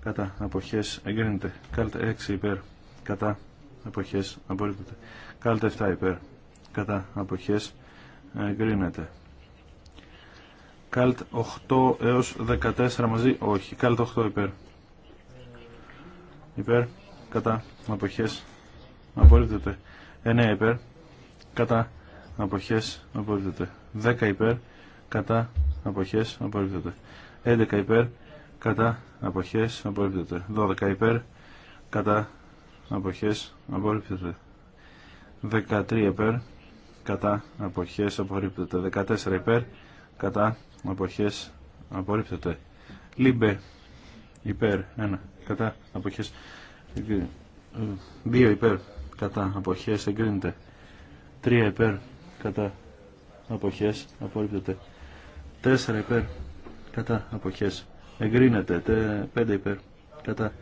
κατά αποχές εγκρίνεται καλτ 6 υπέρ κατά αποχές απορρίπτεται καλτ 7 υπέρ κατά αποχές εγκρίνεται Καλτ 8 έως 14 μαζί, όχι. Καλτ 8 υπέρ. Υπέρ, κατά, αποχές, απορρίπτεται. 9 υπέρ, κατά, αποχές, απορρίπτεται. 10 υπέρ, κατά, αποχές, απορρίπτεται. 11 υπέρ, κατά, αποχές, απορρίπτεται. 12 υπέρ, κατά, αποχές, απορρίπτεται. 13 υπέρ, κατά, αποχές, απορρίπτεται. 14 υπέρ, κατά αποχές απορρίπτεται λίμπε υπέρ 1 κατά αποχές 2 υπέρ κατά αποχές εγκρίνεται 3 υπέρ κατά αποχές απορρίπτεται 4 υπέρ κατά αποχές εγκρίνεται 5 υπέρ κατά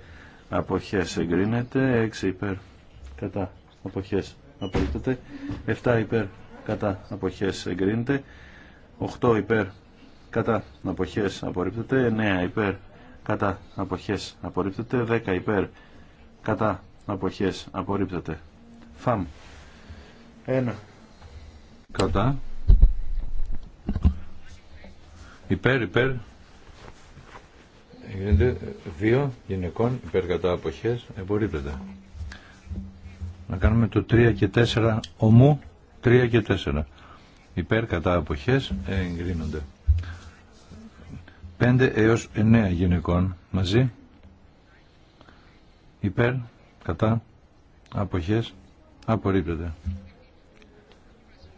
αποχές εγκρίνεται 6 υπέρ κατά αποχές απορρίπτεται 7 υπέρ κατά αποχές εγκρίνεται 8 υπέρ κατά αποχές απορρίπτεται 9 υπέρ κατά αποχές απορρίπτεται 10 υπέρ κατά αποχές απορρίπτεται φαμ 1 κατά υπέρ υπέρ 2 γυναικών υπέρ κατά αποχές απορρίπτεται να κάνουμε το 3 και 4 ομού 3 και 4 υπέρ κατά αποχές εγκρίνονται. 5 έως 9 γυναικών μαζί υπέρ κατά αποχές απορρίπτεται.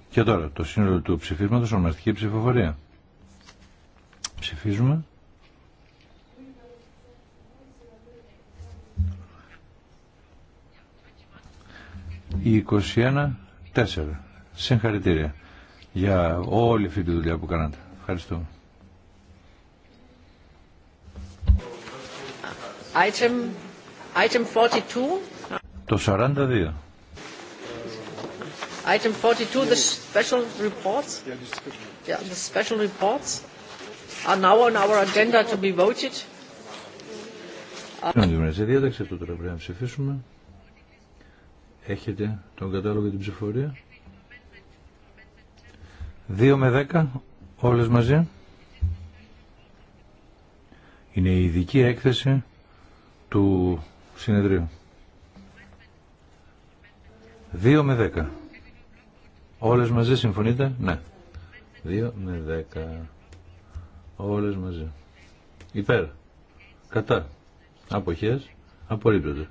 Και τώρα το σύνολο του ψηφίσματος ονομαστική ψηφοφορία. Ψηφίζουμε. 21-4. Συγχαρητήρια για όλη αυτή τη δουλειά που κάνατε. Ευχαριστώ. Item, item 42. Το 42. Item 42, the special reports. Yeah, the special reports are now on our agenda to be voted. Σε διάταξη αυτό τώρα πρέπει να ψηφίσουμε. Έχετε τον κατάλογο για την ψηφορία. 2 με 10 όλες μαζί. Είναι η ειδική έκθεση του συνεδρίου. 2 με 10. Όλες μαζί συμφωνείτε. Ναι. 2 με 10. Όλες μαζί. Υπέρ. Κατά. Αποχές. Απορρίπτονται.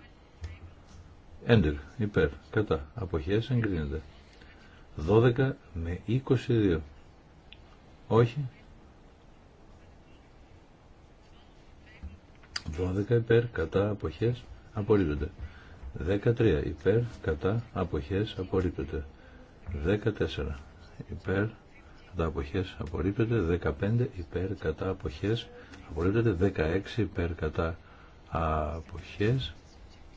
Έντερ. Υπέρ. Κατά. Αποχές. Εγκρίνεται. 12 με 22. Όχι. 12 υπέρ κατά αποχές απορρίπτονται. 13 υπέρ κατά αποχές απορρίπτονται. 14 υπέρ κατά αποχές απορρίπτονται. 15 υπέρ κατά αποχές απορρίπτονται. 16 υπέρ κατά αποχές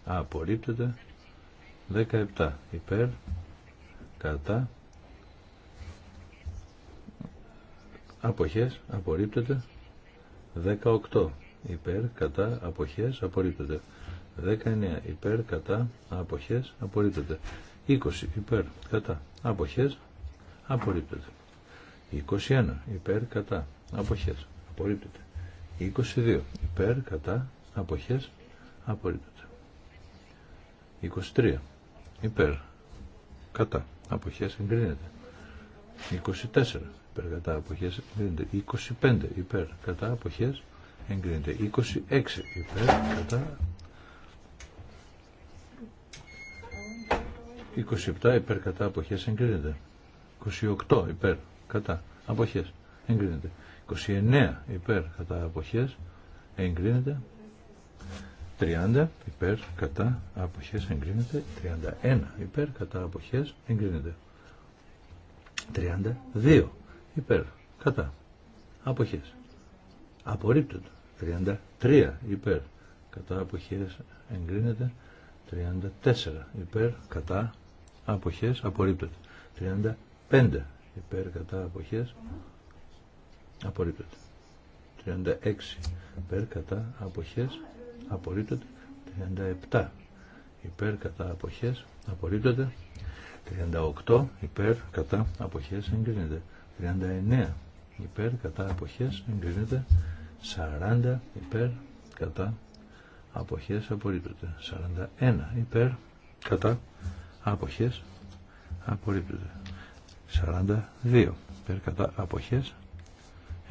απορρίπτονται. 17 υπέρ κατά αποχές απορρίπτεται 18 υπέρ κατά αποχές απορρίπτεται 19 υπέρ κατά αποχές απορρίπτεται 20 υπέρ κατά αποχές απορρίπτεται 21 υπέρ κατά αποχές απορρίπτεται 22 υπέρ κατά αποχές απορρίπτεται 23 υπέρ κατά Αποχέ εγκρίνεται 24 υπέρ κατά αποχές εγκρίνεται 25 υπέρ κατά αποχές εγκρίνεται 26 υπέρ κατά 27 υπέρ κατά αποχές εγκρίνεται 28 υπέρ κατά αποχές εγκρίνεται 29 υπέρ κατά αποχές εγκρίνεται 30 υπέρ κατά αποχές εγκρίνεται 31 υπέρ κατά αποχές εγκρίνεται 32 υπέρ κατά αποχές απορρίπτονται 33 υπέρ κατά αποχές εγκρίνεται 34 υπέρ κατά αποχές απορρίπτονται 35 υπέρ κατά αποχές απορρίπτονται 36 υπέρ κατά αποχές απορρίπτεται 37 υπέρ κατά αποχές απορρίπτεται 38 υπέρ κατά αποχές εγκρίνεται 39 υπέρ κατά αποχές εγκρίνεται 40 υπέρ κατά αποχές απορρίπτεται 41 υπέρ κατά αποχές απορρίπτεται 42 υπέρ κατά αποχές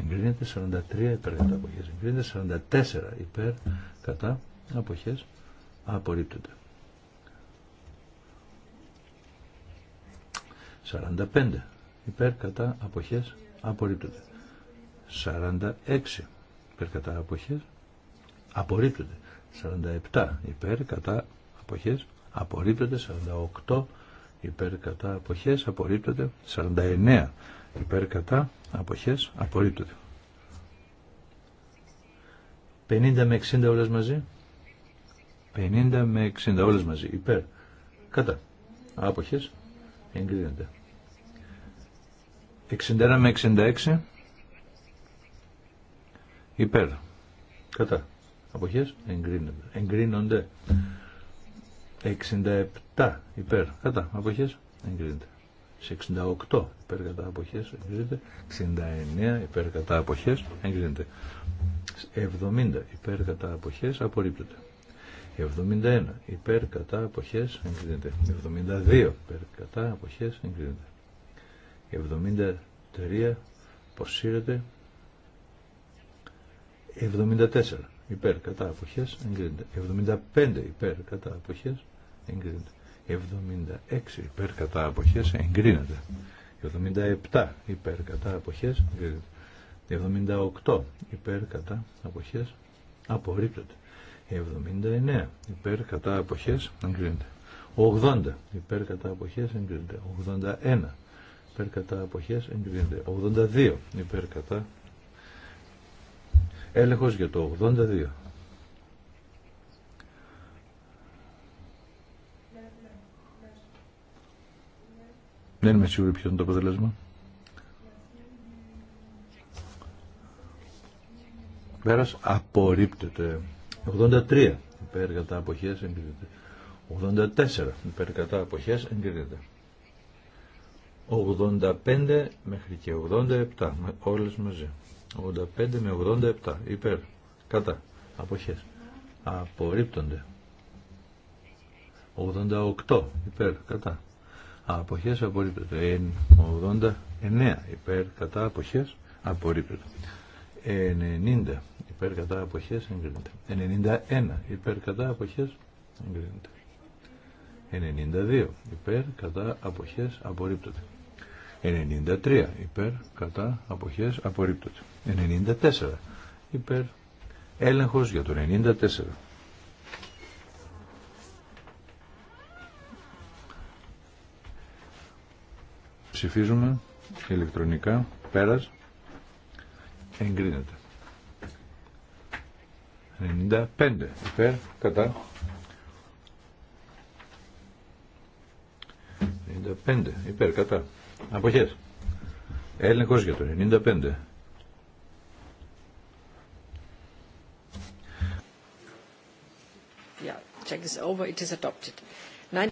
εγκρίνεται 43 υπέρ κατά αποχές εγκρίνεται 44 υπέρ κατά αποχές απορρίπτονται. 45 υπέρ κατά αποχές απορρίπτονται. 46 υπέρ κατά αποχές απορρίπτονται. 47 υπέρ κατά αποχές απορρίπτονται. 48 υπέρ κατά αποχές απορρίπτονται. 49 υπέρ κατά αποχές απορρίπτονται 50 με 60 όλες μαζί 50 με 60 όλες μαζί υπέρ κατά αποχές εγκρίνεται 61 με 66 υπέρ κατά αποχές εγκρίνονται 67 υπέρ κατά αποχές εγκρίνεται 68 υπέρ κατά αποχές εγκρίνεται, 69 υπέρ κατά αποχές εγκρίνεται, 70 υπέρ κατά αποχές απορρίπτεται, 71 υπέρ κατά αποχές εγκρίνεται, 72 υπέρ κατά αποχές εγκρίνεται, 73 αποσύρεται, 74 υπέρ κατά αποχές εγκρίνεται, 75 υπέρ κατά αποχές εγκρίνεται, 76 υπέρ κατά αποχές εγκρίνεται. 77 υπέρ κατά αποχές εγκρίνεται. 78 υπέρ κατά αποχές απορρίπτεται. 79 υπέρ κατά αποχές εγκρίνεται. 80 υπέρ κατά αποχές εγκρίνεται. 81 υπέρ κατά αποχές εγκρίνεται. 82 υπέρ κατά έλεγχος για το 82 Δεν είμαι σίγουρη ποιο είναι το αποτέλεσμα. Πέρας απορρίπτεται. 83 υπέρ κατά αποχές εγκρίνεται. 84 υπέρ κατά αποχές εγκρίνεται. 85 μέχρι και 87 όλες μαζί. 85 με 87 υπέρ κατά αποχές. Απορρίπτονται. 88 υπέρ κατά αποχές απορρίπτεται. 89 υπέρ κατά αποχές απορρίπτεται. 90 υπέρ κατά αποχές εγκρίνεται. 91 υπέρ κατά αποχές εγκρίνεται. 92 υπέρ κατά αποχές απορρίπτεται. 93 υπέρ κατά αποχές απορρίπτεται. 94 υπέρ έλεγχος για το 94. Ψηφίζουμε ηλεκτρονικά. Πέρας. Εγκρίνεται. 95 υπέρ, κατά. 95 υπέρ, κατά. Αποχές. Έλεγχος για το 95.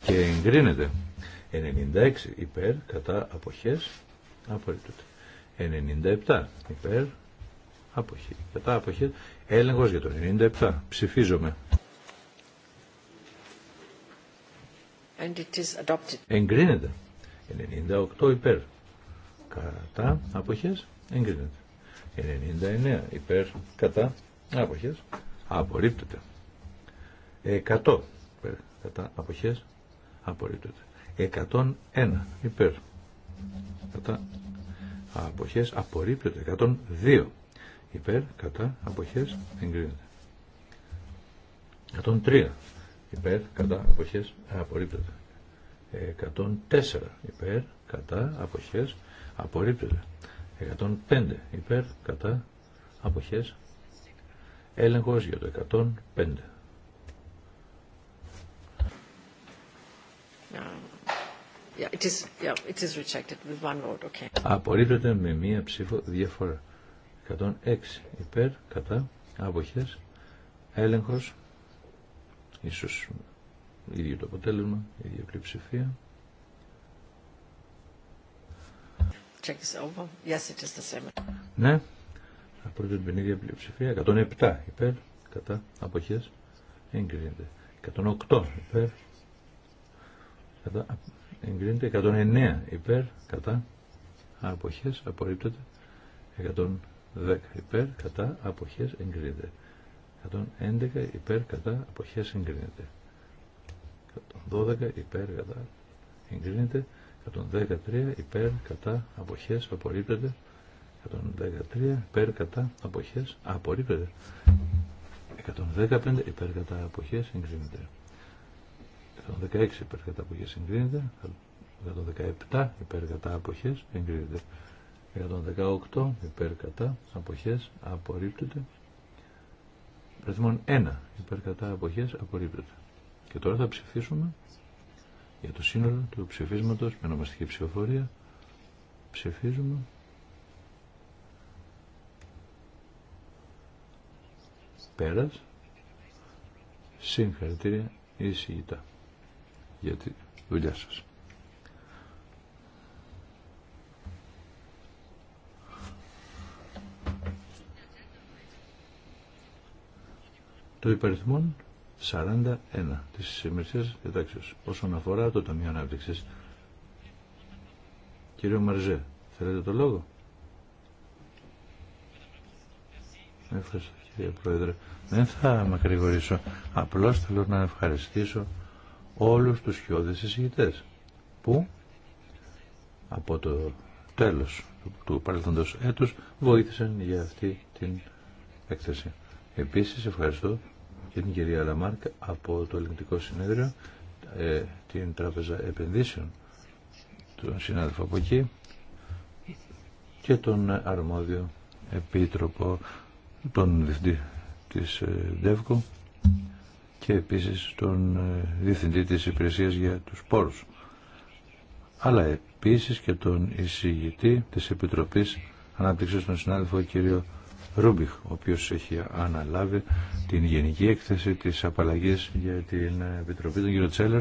Και εγκρίνεται. 96 υπέρ κατά αποχές Απορρίπτωται. 97 υπέρ αποχή. Κατά αποχές έλεγχος για το 97. Ψηφίζομαι. And it Εγκρίνεται. 98 υπέρ. Κατά αποχές εγκρίνεται. 99 υπέρ κατά αποχές Απορρίπτωται. 100 υπέρ κατά αποχές Απορρίπτωται. 101 υπέρ κατά αποχές απορρίπτεται 102 υπέρ κατά αποχές εγκρίνεται 103 υπέρ κατά αποχές απορρίπτεται 104 υπέρ κατά αποχές απορρίπτεται 105 υπέρ κατά αποχές έλεγχος για το 105 Απορρίπτεται με μία ψήφο διαφορά. 106 υπέρ, κατά, άποχες, έλεγχος, ίσως ίδιο το αποτέλεσμα, ίδια πλειοψηφία. Ναι, απορρίπτεται με την ίδια πλειοψηφία. 107 υπέρ, κατά, άποχες, εγκρίνεται. 108 υπέρ, κατά, εγκρίνεται 109 υπέρ κατά αποχές απορρίπτεται 110 υπέρ κατά αποχές εγκρίνεται 111 υπέρ κατά αποχές εγκρίνεται 112 υπέρ κατά εγκρίνεται 113 υπέρ κατά αποχές απορρίπτεται 113 υπέρ κατά αποχές απορρίπτεται 115 υπέρ κατά αποχές εγκρίνεται 116 υπέρ κατά αποχές εγκρίνεται 117 υπέρ κατά αποχές εγκρίνεται 118 υπέρ κατά αποχές απορρίπτονται, ρυθμόν 1 υπέρ κατά αποχές απορρίπτονται. και τώρα θα ψηφίσουμε για το σύνολο του ψηφίσματος με ονομαστική ψηφοφορία ψηφίζουμε πέρας συγχαρητήρια ή για τη δουλειά σας. Το υπαριθμό 41 της σημερισίας διατάξεως όσον αφορά το Ταμείο Ανάπτυξης. Κύριο Μαρζέ, θέλετε το λόγο. Ευχαριστώ κύριε Πρόεδρε. Δεν θα μακρηγορήσω. Απλώς θέλω να ευχαριστήσω όλους τους χιώδες εισηγητές που από το τέλος του παρελθόντος έτους βοήθησαν για αυτή την έκθεση. Επίσης ευχαριστώ και την κυρία Λαμάρκ από το Ελληνικό Συνέδριο, ε, την Τράπεζα Επενδύσεων, τον συνάδελφο από εκεί και τον αρμόδιο επίτροπο, τον διευθυντή της ΔΕΒΚΟ και επίσης τον ε, Διευθυντή της Υπηρεσίας για τους Πόρους αλλά επίσης και τον εισηγητή της Επιτροπής Ανάπτυξης τον συνάδελφο κύριο Ρούμπιχ, ο οποίος έχει αναλάβει την γενική έκθεση της απαλλαγής για την Επιτροπή, του κύριο Τσέλερ,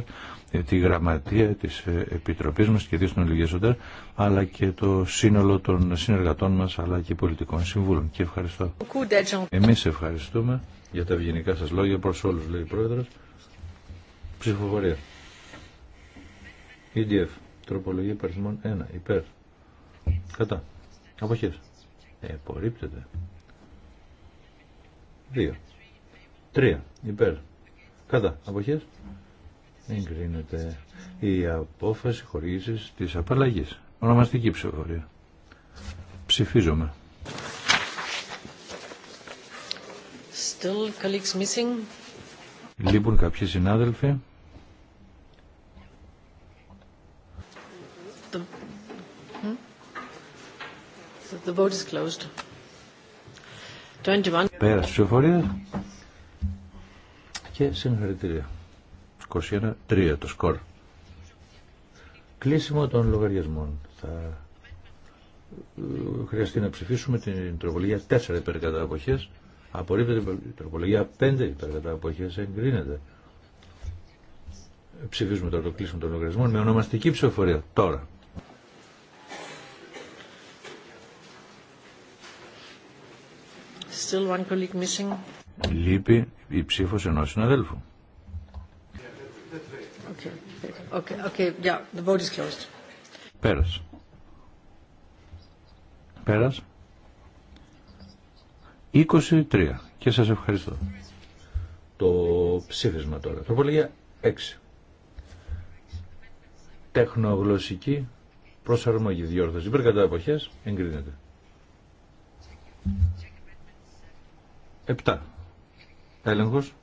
τη γραμματεία της ε, Επιτροπής μας και δύο συνολικές αλλά και το σύνολο των συνεργατών μας, αλλά και πολιτικών συμβούλων. Και ευχαριστώ. Εμείς ευχαριστούμε για τα ευγενικά σας λόγια προς όλους, λέει ο Πρόεδρος. Ψηφοφορία. EDF. Τροπολογία παρισμών 1. Υπέρ. Κατά. Αποχές. Ε, 2. 3. Υπέρ. Κατά. Αποχές. Εγκρίνεται η απόφαση χορήγησης της απαλλαγής. Ονομαστική ψηφοφορία. Ψηφίζομαι. Still colleagues missing. Λείπουν κάποιοι συνάδελφοι. The, hmm? the vote is closed. 21. και συγχαρητήρια. 21-3 το σκορ. Κλείσιμο των λογαριασμών. Θα ε, χρειαστεί να ψηφίσουμε την τροπολογία 4 αποχές. Απορρίπτεται η τροπολογία 5 υπέρ κατά έχει εγκρίνεται. Ψηφίζουμε τώρα το κλείσιμο των λογαριασμών με ονομαστική ψηφοφορία. Τώρα. Still one colleague missing. Λείπει η ψήφος ενό συναδέλφου. Okay. Okay. Okay. Yeah. The vote is closed. Πέρασε. Πέρασε. 23. Και σας ευχαριστώ. Το ψήφισμα τώρα. Τροπολογία 6. Τεχνογλωσσική προσαρμογή διόρθωση. Υπέρ κατά εποχές εγκρίνεται. 7. Έλεγχος.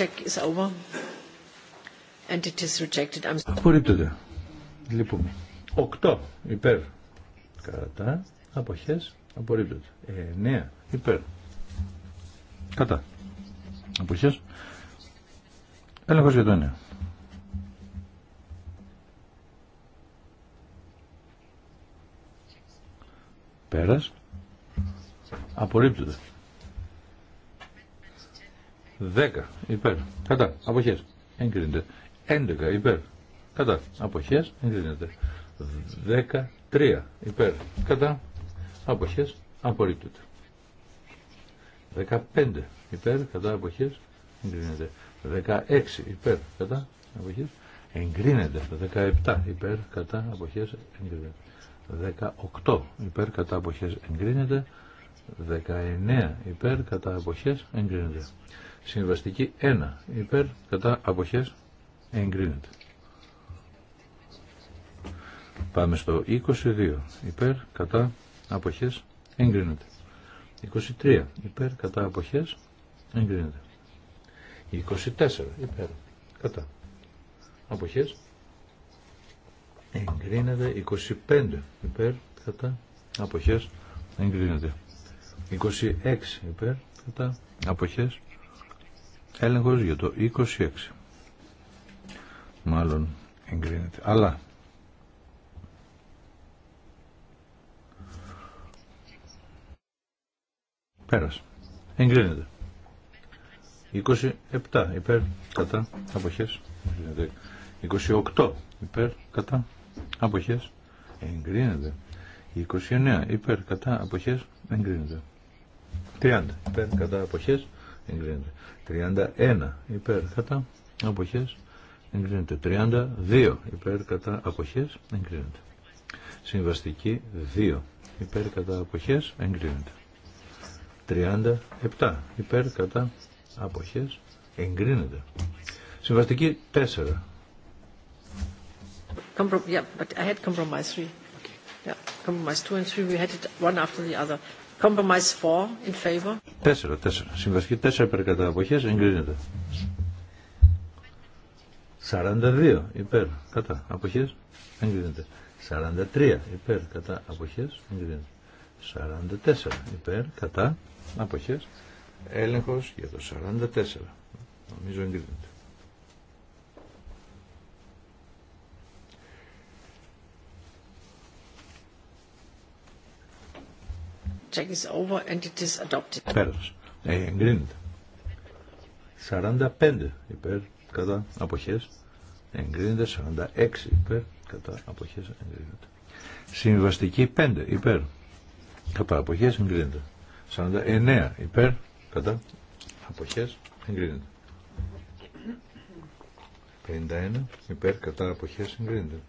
check is over and it is rejected. I'm... Απορρίπτεται. Λυπούμε. Λοιπόν, 8 υπέρ. Κατά. Αποχές. Απορρίπτεται. 9 ε, υπέρ. Κατά. Αποχές. Έλεγχος για το 9. Πέρας. Απορρίπτεται. 10 υπέρ. Κατά. Αποχές. Έγκρινεται. 11 υπέρ κατά αποχές εγκρίνεται 13 υπέρ κατά αποχές απορρίπτεται 15 υπέρ κατά αποχές εγκρίνεται 16 υπέρ κατά αποχές εγκρίνεται 17 υπέρ κατά αποχές εγκρίνεται 18 υπέρ κατά αποχές εγκρίνεται 19 υπέρ κατά αποχές εγκρίνεται συμβαστική 1 υπέρ κατά αποχές εγκρίνεται Πάμε στο 22. Υπέρ, κατά, αποχές, εγκρίνεται. 23. Υπέρ, κατά, αποχές, εγκρίνεται. 24. Υπέρ, κατά, αποχές, εγκρίνεται. 25. Υπέρ, κατά, αποχές, εγκρίνεται. 26. Υπέρ, κατά, αποχές, έλεγχος για το 26. Μάλλον εγκρίνεται. Αλλά Εγκρίνεται. 27 υπέρ κατά αποχές. Εγκρίνεται. 28 υπέρ κατά αποχές. Εγκρίνεται. 29 υπέρ κατά αποχές. Εγκρίνεται. 30 υπέρ κατά αποχές. Εγκρίνεται. 31 υπέρ κατά αποχές. Εγκρίνεται. 32 υπέρ κατά αποχές. Εγκρίνεται. Συμβαστική 2 υπέρ κατά αποχές. Εγκρίνεται. 37 υπέρ κατά αποχές εγκρίνεται. Συμβαστική 4. Yeah, but I had compromise 3. Okay. Yeah, compromise 2 and 3, we had it one after the other. Compromise 4 in favor. 4, 4. Συμβαστική 4 υπέρ κατά αποχές εγκρίνεται. 42 υπέρ κατά αποχές εγκρίνεται. 43 υπέρ κατά αποχές εγκρίνεται. 44 υπέρ, κατά, αποχές, έλεγχος για το 44. Νομίζω εγκρίνεται. Check is ε, εγκρίνεται. 45 υπέρ, κατά, αποχές, εγκρίνεται. 46 υπέρ, κατά, αποχές, εγκρίνεται. Συμβαστική 5 υπέρ, κατά αποχές εγκρίνεται. 49 υπέρ κατά αποχές εγκρίνεται. 51 υπέρ κατά αποχές εγκρίνεται.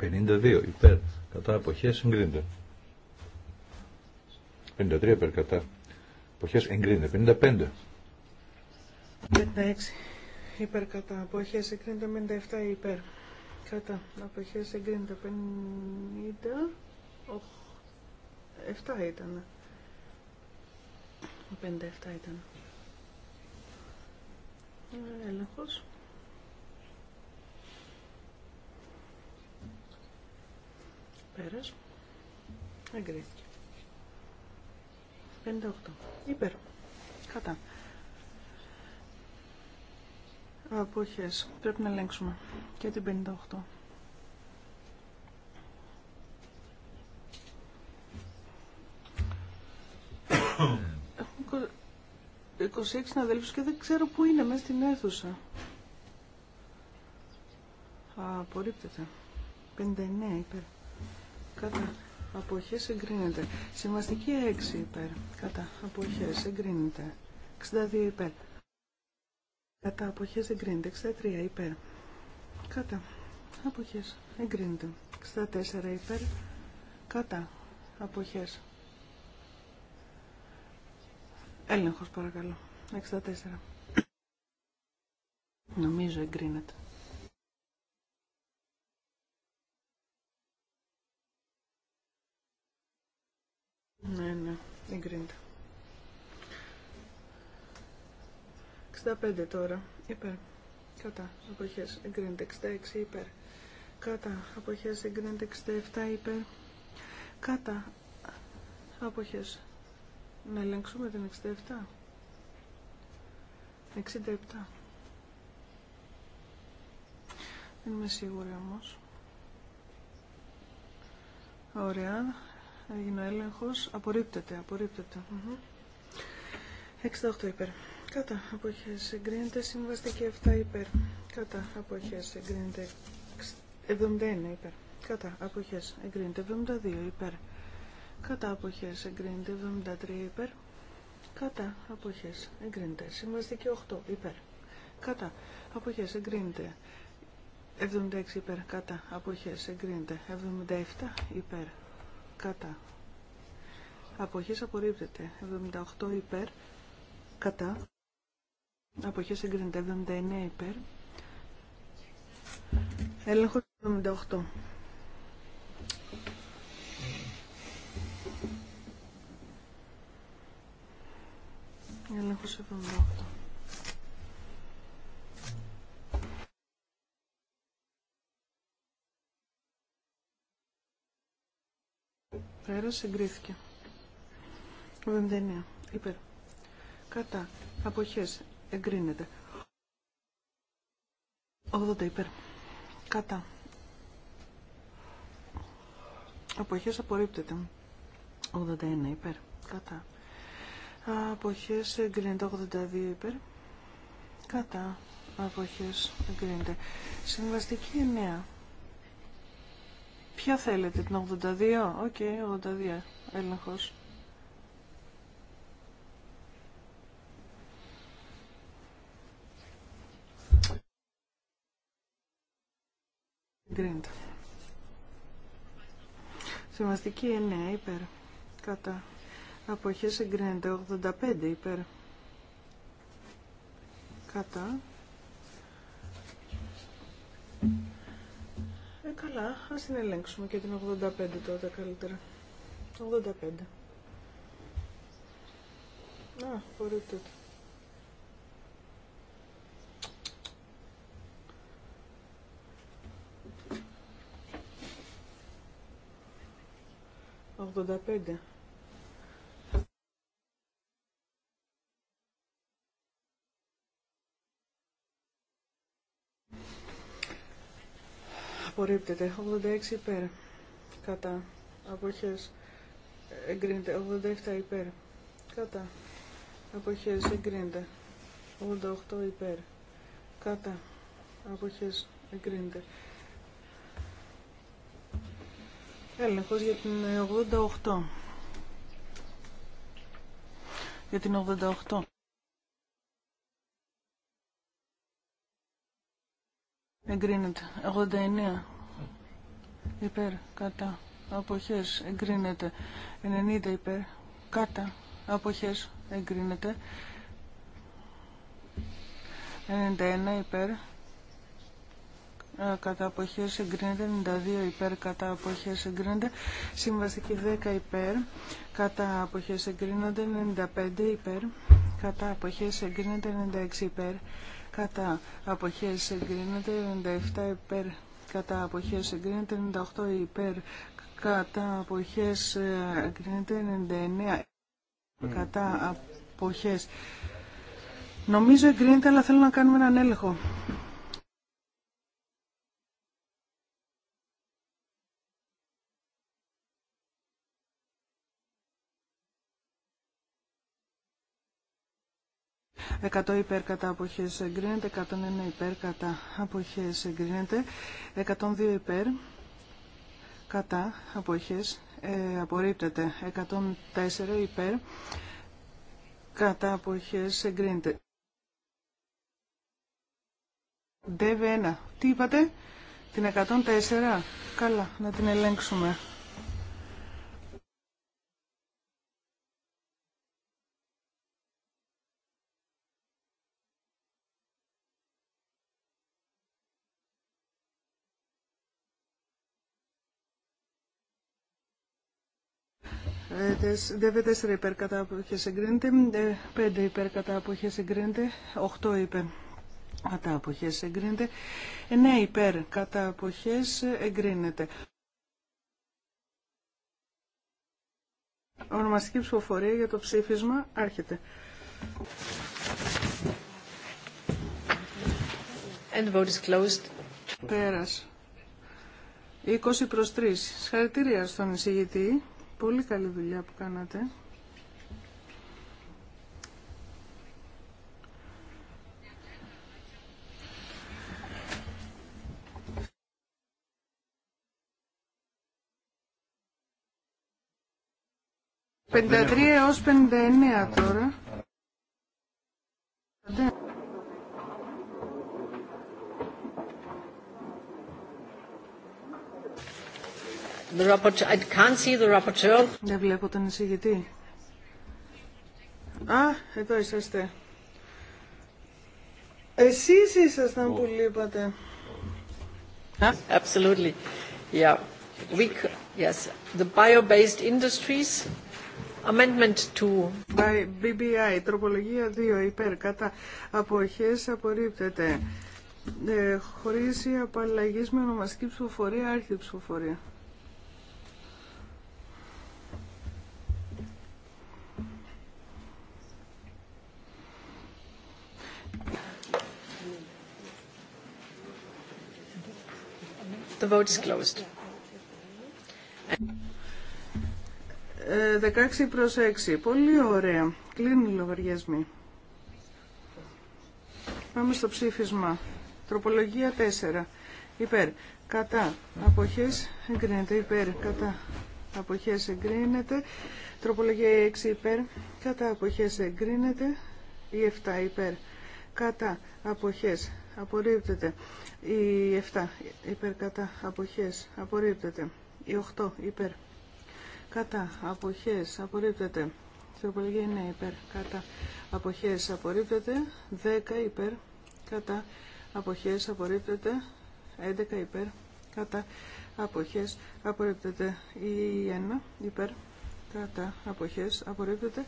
52 υπέρ κατά αποχές εγκρίνεται. 53 υπέρ κατά αποχές εγκρίνεται. 55 56 υπέρ κατά αποχές εγκρίνεται. 57 υπέρ κατά αποχές εγκρίνεται. 50 57 ήταν. 57 ήταν. Ε, έλεγχος. Πέρας. Εγκρίθηκε. 58. Υπέρ. Κατά. Αποχές. Πρέπει να ελέγξουμε. Και την 58. 26 συναδέλφους και δεν ξέρω πού είναι μέσα στην αίθουσα. Α, απορρίπτεται. 59 υπέρ. Κατά. Αποχές εγκρίνεται. Συμβαστική 6 υπέρ. Κατά. Αποχές εγκρίνεται. 62 υπέρ. Κατά. Αποχές εγκρίνεται. 63 υπέρ. Κατά. Αποχές εγκρίνεται. 64 υπέρ. Κατά. Αποχές Έλεγχος παρακαλώ. 64. Νομίζω εγκρίνεται. Ναι, ναι, εγκρίνεται. 65 τώρα, υπέρ. Κατά, αποχές, εγκρίνεται. 66 υπέρ. Κατά, αποχές, εγκρίνεται. 67 υπέρ. Κατά, αποχές, να ελέγξουμε την 67. 67. Δεν είμαι σίγουρη όμως. Ωραία. Έγινε ο έλεγχος. Απορρίπτεται, απορρίπτεται. 68 υπέρ. Κατά αποχές εγκρίνεται. Συμβαστική 7 υπέρ. Κατά αποχές εγκρίνεται. 71 υπέρ. Κατά αποχές εγκρίνεται. 72 υπέρ. Κατά αποχές εγκρίνεται 73 υπέρ. Κατά αποχές εγκρίνεται. Συμβαστική 8 υπέρ. Κατά αποχές εγκρίνεται. 76 υπέρ. Κατά αποχές εγκρίνεται. 77 υπέρ. Κατά. Αποχές απορρίπτεται. 78 υπέρ. Κατά. Αποχές εγκρίνεται. 79 υπέρ. Έλεγχο 78. Έλεγχος 78. Πέρα εγκρίθηκε. 79. Υπέρ. Κατά. Αποχές. Εγκρίνεται. 80 υπέρ. Κατά. Αποχές απορρίπτεται. 81 υπέρ. Κατά. Αποχές εγκρίνεται 82 υπέρ. Κατά. Αποχές εγκρίνεται. Συμβαστική 9. Ποια θέλετε, την 82. Οκ, okay, 82. Έλεγχος. Συμβαστική 9 υπέρ. Κατά αποχές εγκρίνεται 85 υπέρ κατά ε, καλά, ας την ελέγξουμε και την 85 τότε καλύτερα 85 Α, μπορεί τότε Απορρίπτεται. 86 υπέρ. Κατά. Αποχές. Εγκρίνεται. 87 υπέρ. Κατά. Αποχές. Εγκρίνεται. 88 υπέρ. Κατά. Αποχές. Εγκρίνεται. Έλεγχος για την 88. Για την 88. Εγκρίνεται. 89 υπέρ κατά αποχές εγκρίνεται 90 υπέρ κατά αποχές εγκρίνεται 91 υπέρ ε, κατά αποχές εγκρίνεται 92 υπέρ κατά αποχές εγκρίνεται συμβαστική 10 υπέρ κατά αποχές εγκρίνονται 95 υπέρ κατά αποχές εγκρίνεται 96 υπέρ κατά αποχές εγκρίνεται 97 υπέρ κατά αποχές εγκρίνεται 98 υπέρ κατά αποχές ε, εγκρίνεται 99 κατά αποχές νομίζω εγκρίνεται αλλά θέλω να κάνουμε έναν έλεγχο 100 υπέρ κατά αποχές εγκρίνεται, 101 υπέρ κατά αποχές εγκρίνεται, 102 υπέρ κατά αποχές ε, απορρίπτεται, 104 υπέρ κατά αποχές εγκρίνεται. Τι είπατε? Την 104. Καλά, να την ελέγξουμε. Ε, ΔΒ4 υπέρ κατά αποχές εγκρίνεται, 5 υπέρ κατά αποχές εγκρίνεται, 8 υπέρ κατά αποχές εγκρίνεται, 9 υπέρ κατά αποχές εγκρίνεται. Ονομαστική ψηφοφορία για το ψήφισμα άρχεται. And Πέρας. 20 προς 3. Συγχαρητήρια στον εισηγητή. Πολύ καλή δουλειά που κάνατε. Πεντατρία έως 59 τώρα. Δεν βλέπω τον εισηγητή. Α, εδώ είσαστε. Εσείς ήσασταν που λείπατε. Absolutely. Yeah. We, yes. The bio-based industries. Amendment to By BBI. Τροπολογία 2. Υπέρ. Κατά. Αποχές απορρίπτεται. Ε, χωρίς η απαλλαγή με ονομαστική ψηφοφορία, άρχιτη ψηφοφορία. The vote is closed. 16 προς 6. Πολύ ωραία. Κλείνουν οι λογαριασμοί. Πάμε στο ψήφισμα. Τροπολογία 4. Υπέρ. Κατά. Αποχές εγκρίνεται. Υπέρ. Κατά. Αποχές εγκρίνεται. Τροπολογία 6 υπέρ. Κατά. Αποχές εγκρίνεται. Η 7 υπέρ. Κατά. Αποχές απορρίπτεται. Η 7 υπέρ κατά αποχές απορρίπτεται. Η 8 υπέρ κατά αποχές απορρίπτεται. Τροπολογία είναι υπέρ κατά αποχές απορρίπτεται. 10 υπέρ κατά αποχές απορρίπτεται. 11 υπέρ κατά αποχές απορρίπτεται. Η 1 υπέρ κατά αποχές απορρίπτεται.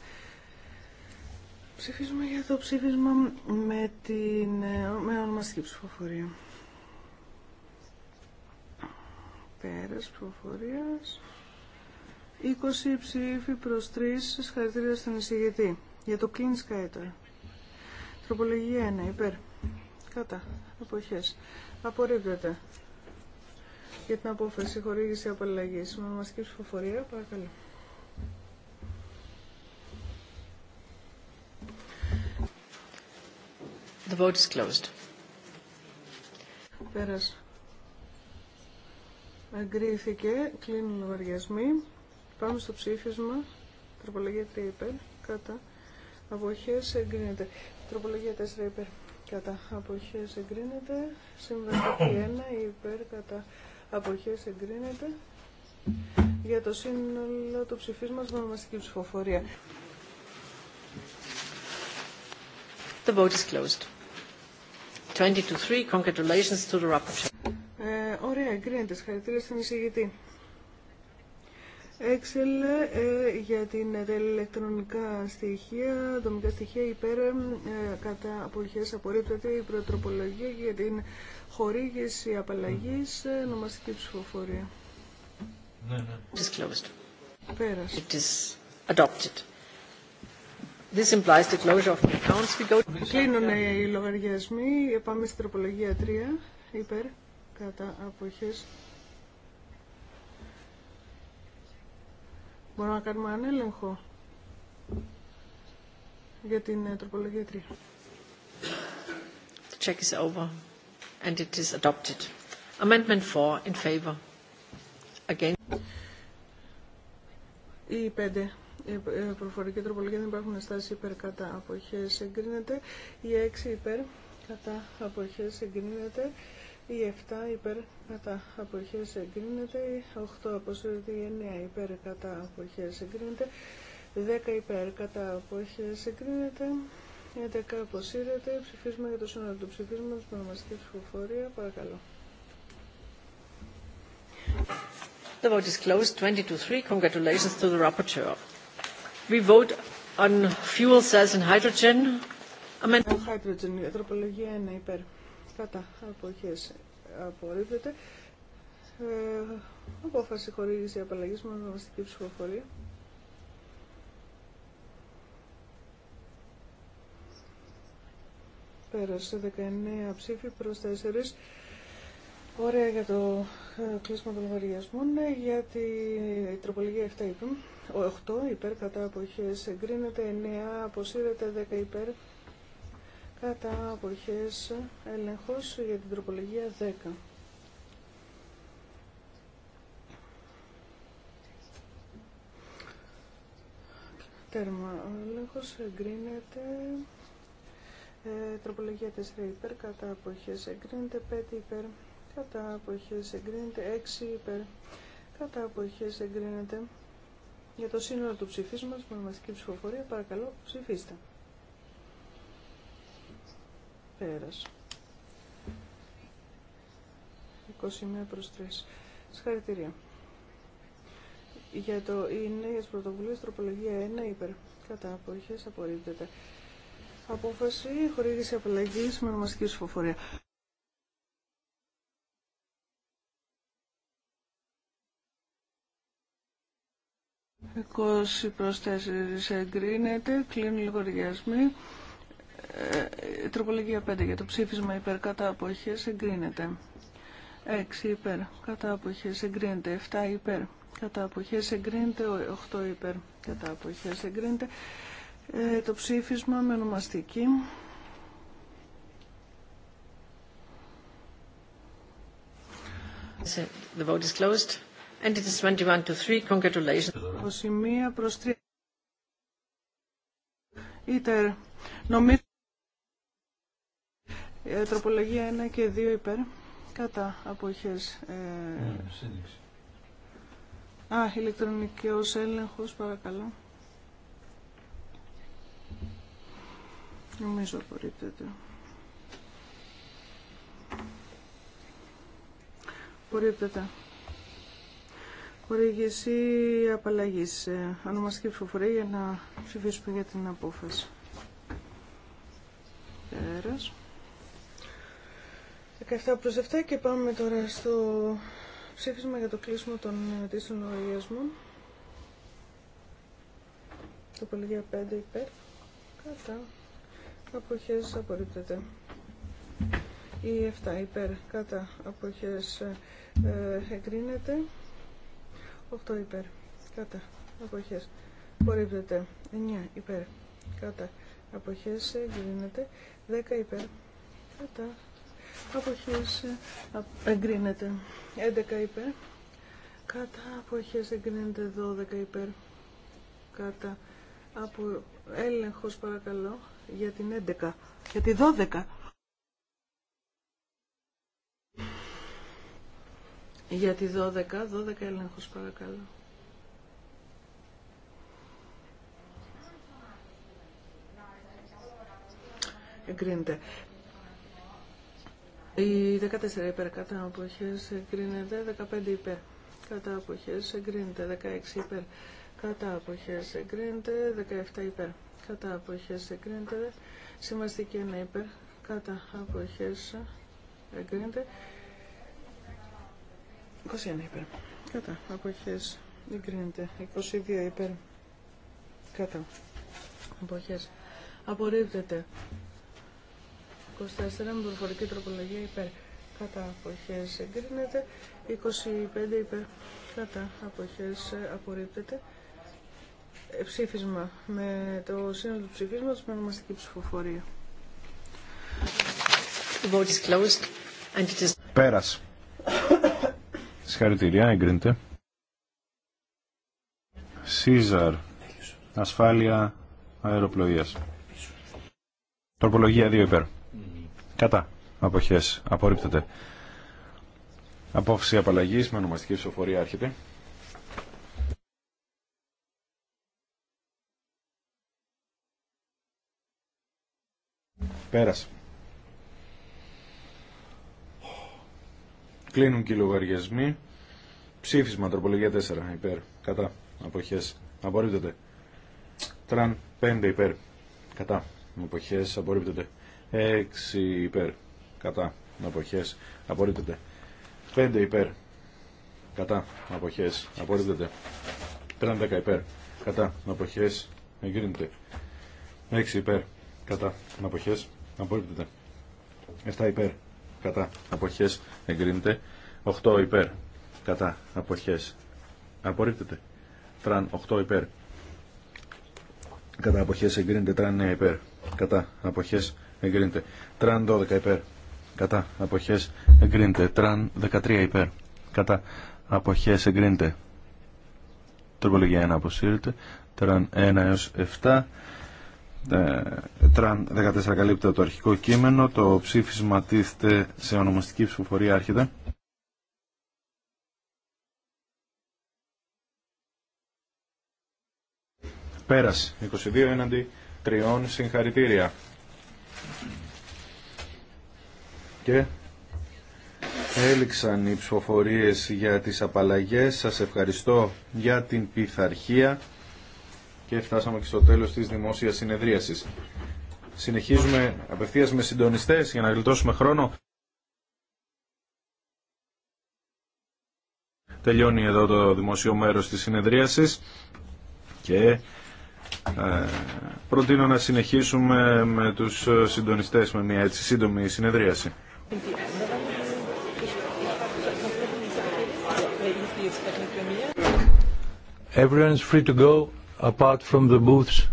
Ψηφίζουμε για το ψήφισμα με, την, με ονομαστική ψηφοφορία. Πέρας ψηφοφορίας. 20 ψήφοι προς 3 συγχαρητήρια στον εισηγητή. Για το Clean Sky Τροπολογία 1. Υπέρ. Κατά. Εποχές. Απορρίπτεται. Για την απόφαση χορήγηση απαλλαγή. Με ονομαστική ψηφοφορία. Παρακαλώ. The vote is closed. Πέρασε. Αγκρίθηκε. Κλείνουν οι λογαριασμοί. Πάμε στο ψήφισμα. Τροπολογία 3 υπέρ. Κατά. Αποχές εγκρίνεται. Τροπολογία 4 υπέρ. Κατά. Αποχές εγκρίνεται. Συμβαστική 1 υπέρ. Κατά. Αποχές εγκρίνεται. Για το σύνολο του ψηφίσματος με ονομαστική ψηφοφορία. The vote is closed. Ε, ωραία, εγκρίνεται. Συγχαρητήρια στον εισηγητή. Excel ε, για την ηλεκτρονικά στοιχεία, δομικά στοιχεία υπέρ ε, κατά απορριχές απορρίπτεται η προτροπολογία για την χορήγηση απαλλαγής ε, νομαστική ψηφοφορία. Ναι, ναι. It is Πέρασε. This implies the closure of accounts. We go to... Κλείνουν οι λογαριασμοί. Πάμε στην τροπολογία 3. Υπέρ. Κατά αποχές. Μπορούμε να κάνουμε ανέλεγχο για την ε, τροπολογία 3. The check is over and it is adopted. Amendment 4 in favor. Again. Η 5 η ε, ε, προφορική τροπολογία δεν υπάρχουν στάσει υπέρ κατά αποχές εγκρίνεται. Η 6 υπέρ κατά αποχές εγκρίνεται. Η 7 υπέρ κατά αποχές εγκρίνεται. Η 8 αποσύρεται. Η 9 υπέρ κατά αποχές εγκρίνεται. 10 υπέρ κατά αποχές εγκρίνεται. 11 αποσύρεται. Ψηφίζουμε για το σύνολο του ψηφίσματος με ονομαστική ψηφοφορία. Παρακαλώ. The vote is closed. 20 3. Congratulations to the rapporteur. We vote on fuel cells and hydrogen. Hydrogen, τροπολογία 1 υπέρ. Κατά αποχές απορρίπτεται. Ε, απόφαση χορήγηση απαλλαγή με ονομαστική ψηφοφορία. Πέρασε 19 ψήφοι προ 4. Ωραία για το ε, κλείσμα των λογαριασμών. Ε, για τη τροπολογία 7 είπαμε. 8 υπέρ κατά αποχές εγκρίνεται, 9 αποσύρεται, 10 υπέρ κατά αποχές έλεγχος για την τροπολογία 10. Τέρμα, ο έλεγχος εγκρίνεται, ε, τροπολογία 4 υπέρ, κατά αποχές εγκρίνεται, 5 υπέρ, κατά αποχές εγκρίνεται, 6 υπέρ, κατά αποχές εγκρίνεται, για το σύνολο του ψηφίσματος με ψηφοφορία. Παρακαλώ, ψηφίστε. Πέρας. 21 προς 3. Συγχαρητήρια. Για το είναι, για τις πρωτοβουλίες, τροπολογία 1, υπερ. Κατά αποχές απορρίπτεται. Απόφαση χορήγηση απαλλαγής με ονομαστική ψηφοφορία. 20 προς 4 εγκρίνεται. Κλείνουν λίγο λογαριασμοί. Ε, τροπολογία 5 για το ψήφισμα υπέρ κατά αποχές εγκρίνεται. 6 υπέρ κατά αποχές εγκρίνεται. 7 υπέρ κατά αποχές εγκρίνεται. 8 υπέρ κατά αποχές εγκρίνεται. Ε, το ψήφισμα με ονομαστική. The vote is closed. And it is 21 to 3. Congratulations. 21 προς 3. Ήτερ. Νομίζω. Ε, τροπολογία 1 και 2 υπέρ. Κατά αποχές. Ε, ναι, α, ηλεκτρονικός έλεγχος, παρακαλώ. Νομίζω απορρίπτεται. Απορρίπτεται. Χορήγηση απαλλαγή. Ε, ονομαστική ψηφοφορία για να ψηφίσουμε για την απόφαση. Πέρα. 17 προς 7 και πάμε τώρα στο ψήφισμα για το κλείσιμο των αιτήσεων λογαριασμών. Το πολυγία 5 υπέρ. Κατά. Αποχές απορρίπτεται. Η 7 υπέρ. Κατά. Αποχές ε, εγκρίνεται. 8 υπέρ. Κατά. Αποχές. 9 υπέρ. Κατά. Αποχές. Εγκρίνεται. 10 υπέρ. Κατά. Αποχές. Εγκρίνεται. 11 υπέρ. Κατά. Αποχές. Εγκρίνεται. 12 υπέρ. Κατά. Από έλεγχος παρακαλώ για την 11. Για τη 12. Για τη 12, 12 έλεγχος παρακαλώ. Εγκρίνεται. Η 14 υπέρ κατά αποχές εγκρίνεται, 15 υπέρ κατά αποχές εγκρίνεται, 16 υπέρ κατά αποχές εγκρίνεται, 17 υπέρ κατά αποχές εγκρίνεται, σημαστική 1 υπέρ κατά αποχές εγκρίνεται, 21 υπέρ. Κατά. Αποχές. Εγκρίνεται. 22 υπέρ. Κατά. Αποχές. Απορρίπτεται. 24 με προφορική τροπολογία υπέρ. Κατά. Αποχές. Εγκρίνεται. 25 υπέρ. Κατά. Αποχές. Απορρίπτεται. Ε, ψήφισμα. Με το σύνολο του ψηφίσματος με ονομαστική ψηφοφορία. The Πέρας. Συγχαρητήρια, εγκρίνεται. Σίζαρ. Ασφάλεια αεροπλοείας. Τροπολογία 2 υπέρ. Κατά. Αποχές. Απορρίπτεται. Απόφαση απαλλαγής με ονομαστική ψηφοφορία άρχεται. Πέρασε. Κλείνουν και οι λογαριασμοί. Ψήφισμα τροπολογία 4 υπέρ. Κατά. Αποχές. Απορρίπτεται. Τραν 5 υπέρ. Κατά. Αποχές. Απορρίπτεται. 6 υπέρ. Κατά. Αποχές. Απορρίπτεται. 5 υπέρ. Κατά. Αποχές. Απορρίπτεται. Τραν 10 υπέρ. Κατά. Αποχές. Εγκρίνεται. 6 υπέρ. Κατά. Αποχές. Απορρίπτεται. 7 υπέρ κατά αποχές εγκρίνεται 8 υπέρ κατά αποχές απορρίπτεται τραν 8 υπέρ κατά αποχές εγκρίνεται τραν 9 υπέρ κατά αποχές εγκρίνεται τραν 12 υπέρ κατά αποχές εγκρίνεται τραν 13 υπέρ κατά αποχές εγκρίνεται τροπολογία 1 αποσύρεται τραν 1 έως 7 ε, τραν 14 καλύπτεται το αρχικό κείμενο. Το ψήφισμα τίθεται σε ονομαστική ψηφοφορία άρχεται. Πέρασε. 22 έναντι 3 συγχαρητήρια. Και έληξαν οι ψηφοφορίες για τις απαλλαγές. Σας ευχαριστώ για την πειθαρχία και φτάσαμε και στο τέλος της δημόσιας συνεδρίασης. Συνεχίζουμε απευθείας με συντονιστές για να γλιτώσουμε χρόνο. Τελειώνει εδώ το δημοσίο μέρος της συνεδρίασης και ε, προτείνω να συνεχίσουμε με τους συντονιστές με μια έτσι σύντομη συνεδρίαση. Everyone's free to go apart from the booths